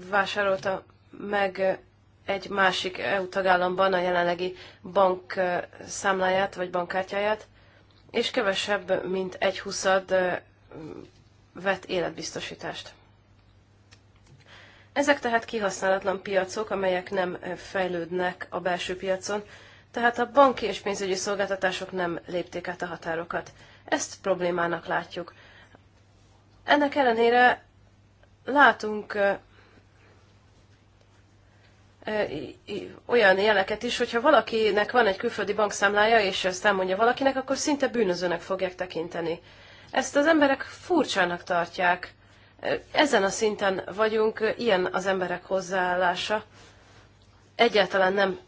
vásárolta meg egy másik EU tagállamban a jelenlegi bank számláját vagy bankkártyáját, és kevesebb, mint egy huszad vett életbiztosítást. Ezek tehát kihasználatlan piacok, amelyek nem fejlődnek a belső piacon, tehát a banki és pénzügyi szolgáltatások nem lépték át a határokat. Ezt problémának látjuk. Ennek ellenére látunk olyan jeleket is, hogyha valakinek van egy külföldi bankszámlája, és ezt elmondja valakinek, akkor szinte bűnözőnek fogják tekinteni. Ezt az emberek furcsának tartják. Ezen a szinten vagyunk, ilyen az emberek hozzáállása. Egyáltalán nem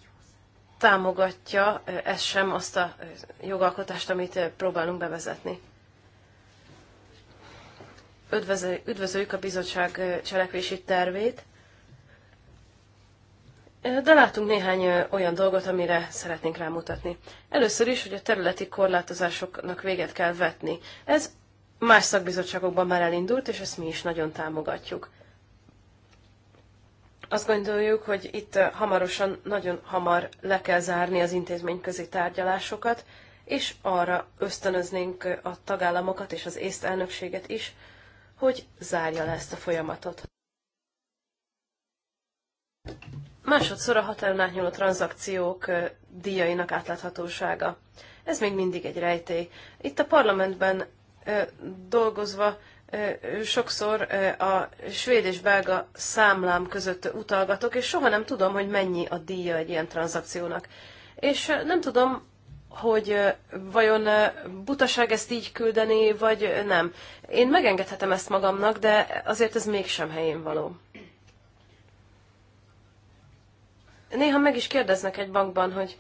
támogatja ez sem azt a jogalkotást, amit próbálunk bevezetni. Üdvözöljük a bizottság cselekvési tervét, de látunk néhány olyan dolgot, amire szeretnénk rámutatni. Először is, hogy a területi korlátozásoknak véget kell vetni. Ez más szakbizottságokban már elindult, és ezt mi is nagyon támogatjuk. Azt gondoljuk, hogy itt hamarosan, nagyon hamar le kell zárni az intézményközi tárgyalásokat, és arra ösztönöznénk a tagállamokat és az észt elnökséget is, hogy zárja le ezt a folyamatot. Másodszor a határon átnyúló tranzakciók díjainak átláthatósága. Ez még mindig egy rejtély. Itt a parlamentben dolgozva sokszor a svéd és belga számlám között utalgatok, és soha nem tudom, hogy mennyi a díja egy ilyen tranzakciónak. És nem tudom, hogy vajon butaság ezt így küldeni, vagy nem. Én megengedhetem ezt magamnak, de azért ez mégsem helyén való. Néha meg is kérdeznek egy bankban, hogy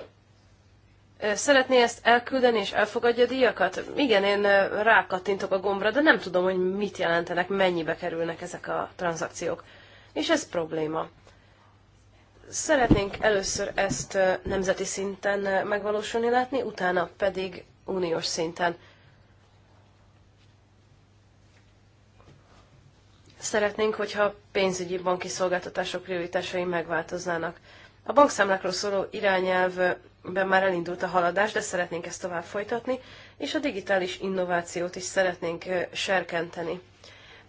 Szeretné ezt elküldeni és elfogadja a díjakat? Igen, én rákattintok a gombra, de nem tudom, hogy mit jelentenek, mennyibe kerülnek ezek a tranzakciók. És ez probléma. Szeretnénk először ezt nemzeti szinten megvalósulni látni, utána pedig uniós szinten. Szeretnénk, hogyha pénzügyi banki szolgáltatások prioritásai megváltoznának. A bankszámlákról szóló irányelv ben már elindult a haladás, de szeretnénk ezt tovább folytatni, és a digitális innovációt is szeretnénk serkenteni.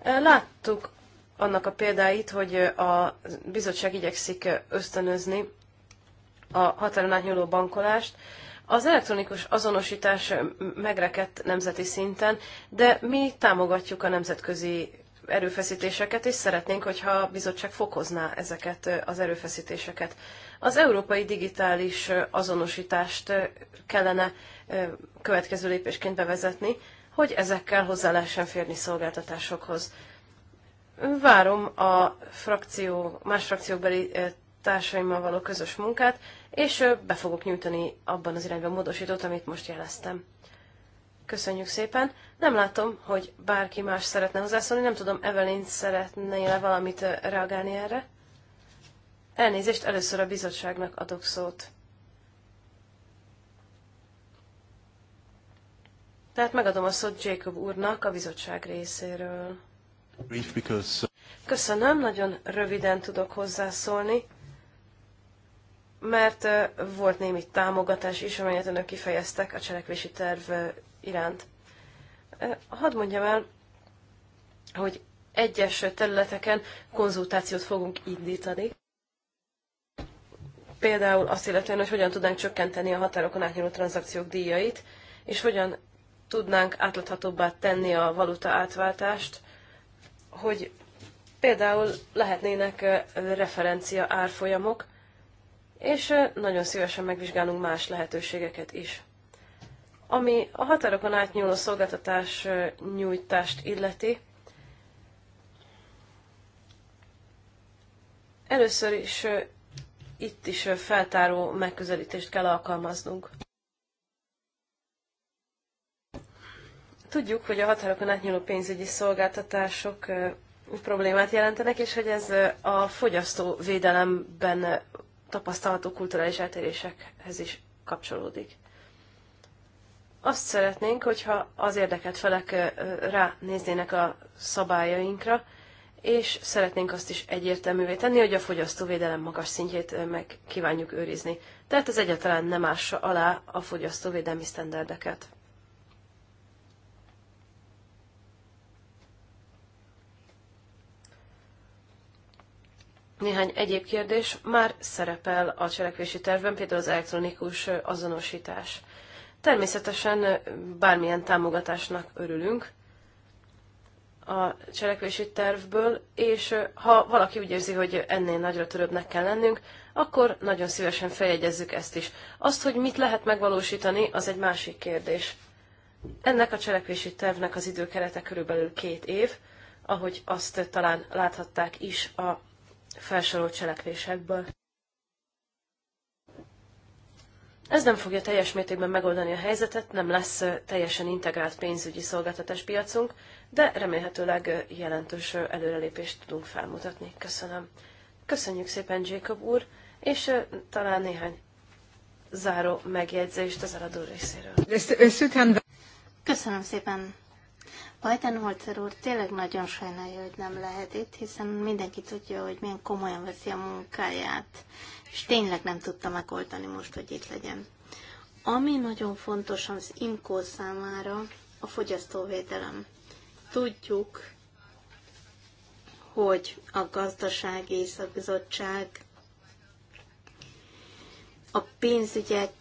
Láttuk annak a példáit, hogy a bizottság igyekszik ösztönözni a határon átnyúló bankolást. Az elektronikus azonosítás megrekedt nemzeti szinten, de mi támogatjuk a nemzetközi erőfeszítéseket, és szeretnénk, hogyha a bizottság fokozná ezeket az erőfeszítéseket. Az európai digitális azonosítást kellene következő lépésként bevezetni, hogy ezekkel hozzá lehessen férni szolgáltatásokhoz. Várom a frakció, más frakciókbeli társaimmal való közös munkát, és be fogok nyújtani abban az irányban módosítót, amit most jeleztem. Köszönjük szépen. Nem látom, hogy bárki más szeretne hozzászólni, nem tudom, Evelyn szeretné -e valamit reagálni erre? Elnézést, először a bizottságnak adok szót. Tehát megadom a szót Jacob úrnak a bizottság részéről. Uh, Köszönöm, nagyon röviden tudok hozzászólni, mert uh, volt némi támogatás is, amelyet önök kifejeztek a cselekvési terv uh, iránt. Hadd mondjam el, hogy egyes területeken konzultációt fogunk indítani például azt illetően, hogy hogyan tudnánk csökkenteni a határokon átnyúló tranzakciók díjait, és hogyan tudnánk átláthatóbbá tenni a valuta átváltást, hogy például lehetnének referencia árfolyamok, és nagyon szívesen megvizsgálunk más lehetőségeket is. Ami a határokon átnyúló szolgáltatás nyújtást illeti, először is itt is feltáró megközelítést kell alkalmaznunk. Tudjuk, hogy a határokon átnyúló pénzügyi szolgáltatások problémát jelentenek, és hogy ez a fogyasztó védelemben tapasztalható kulturális eltérésekhez is kapcsolódik. Azt szeretnénk, hogyha az érdekelt felek ránéznének a szabályainkra, és szeretnénk azt is egyértelművé tenni, hogy a fogyasztóvédelem magas szintjét meg kívánjuk őrizni. Tehát ez egyáltalán nem ássa alá a fogyasztóvédelmi sztenderdeket. Néhány egyéb kérdés már szerepel a cselekvési tervben, például az elektronikus azonosítás. Természetesen bármilyen támogatásnak örülünk, a cselekvési tervből, és ha valaki úgy érzi, hogy ennél nagyra törőbbnek kell lennünk, akkor nagyon szívesen feljegyezzük ezt is. Azt, hogy mit lehet megvalósítani, az egy másik kérdés. Ennek a cselekvési tervnek az időkerete körülbelül két év, ahogy azt talán láthatták is a felsorolt cselekvésekből. Ez nem fogja teljes mértékben megoldani a helyzetet, nem lesz teljesen integrált pénzügyi szolgáltatás piacunk, de remélhetőleg jelentős előrelépést tudunk felmutatni. Köszönöm. Köszönjük szépen, Jacob úr, és talán néhány záró megjegyzést az eladó részéről. Köszönöm szépen. Bajtenholzer úr tényleg nagyon sajnálja, hogy nem lehet itt, hiszen mindenki tudja, hogy milyen komolyan veszi a munkáját és tényleg nem tudta megoldani most, hogy itt legyen. Ami nagyon fontos az IMCO számára, a fogyasztóvédelem. Tudjuk, hogy a gazdasági szakbizottság a pénzügyek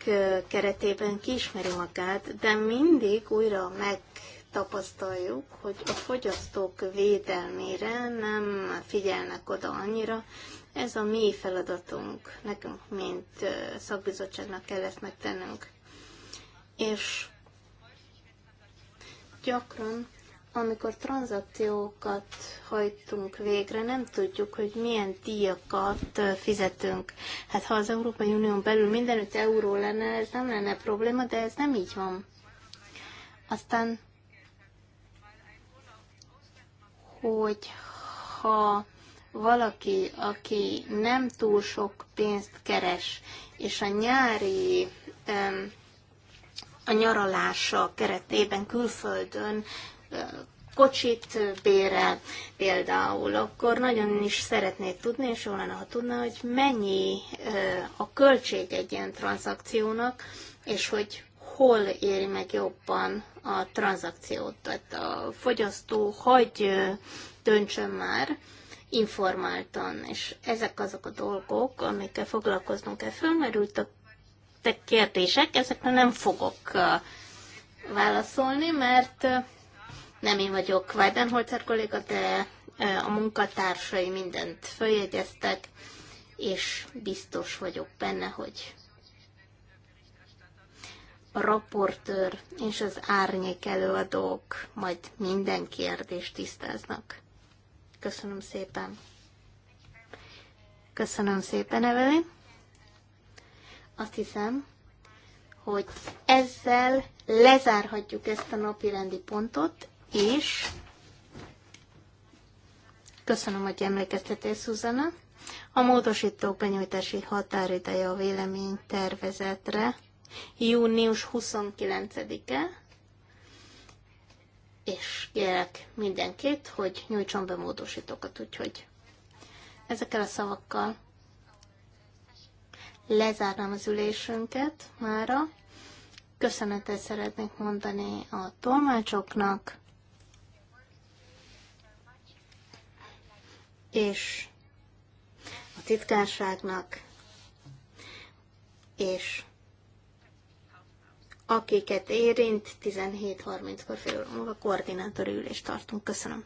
keretében kiismeri magát, de mindig újra megtapasztaljuk, hogy a fogyasztók védelmére nem figyelnek oda annyira, ez a mi feladatunk, nekünk, mint szakbizottságnak kell ezt megtennünk. És gyakran, amikor tranzakciókat hajtunk végre, nem tudjuk, hogy milyen díjakat fizetünk. Hát ha az Európai Unión belül mindenütt euró lenne, ez nem lenne probléma, de ez nem így van. Aztán, hogy ha valaki, aki nem túl sok pénzt keres, és a nyári a nyaralása keretében külföldön kocsit bérel például, akkor nagyon is szeretné tudni, és jó lenne, ha tudná, hogy mennyi a költség egy ilyen tranzakciónak, és hogy hol éri meg jobban a tranzakciót. Tehát a fogyasztó hagy döntsön már, informáltan, és ezek azok a dolgok, amikkel foglalkoznunk kell. Fölmerültek kérdések, ezekre nem fogok uh, válaszolni, mert uh, nem én vagyok Weidenholzer kolléga, de uh, a munkatársai mindent följegyeztek, és biztos vagyok benne, hogy a raportőr és az árnyék előadók majd minden kérdést tisztáznak. Köszönöm szépen. Köszönöm szépen, Evelyn. Azt hiszem, hogy ezzel lezárhatjuk ezt a napi rendi pontot, és köszönöm, hogy emlékeztetél, Szuzana. A módosítók benyújtási határideje a véleménytervezetre június 29-e, és kérek mindenkit, hogy nyújtson be módosítókat, úgyhogy ezekkel a szavakkal lezárnám az ülésünket mára. Köszönetet szeretnék mondani a tolmácsoknak, és a titkárságnak, és akiket érint, 17.30-kor fél koordinátori ülést tartunk. Köszönöm.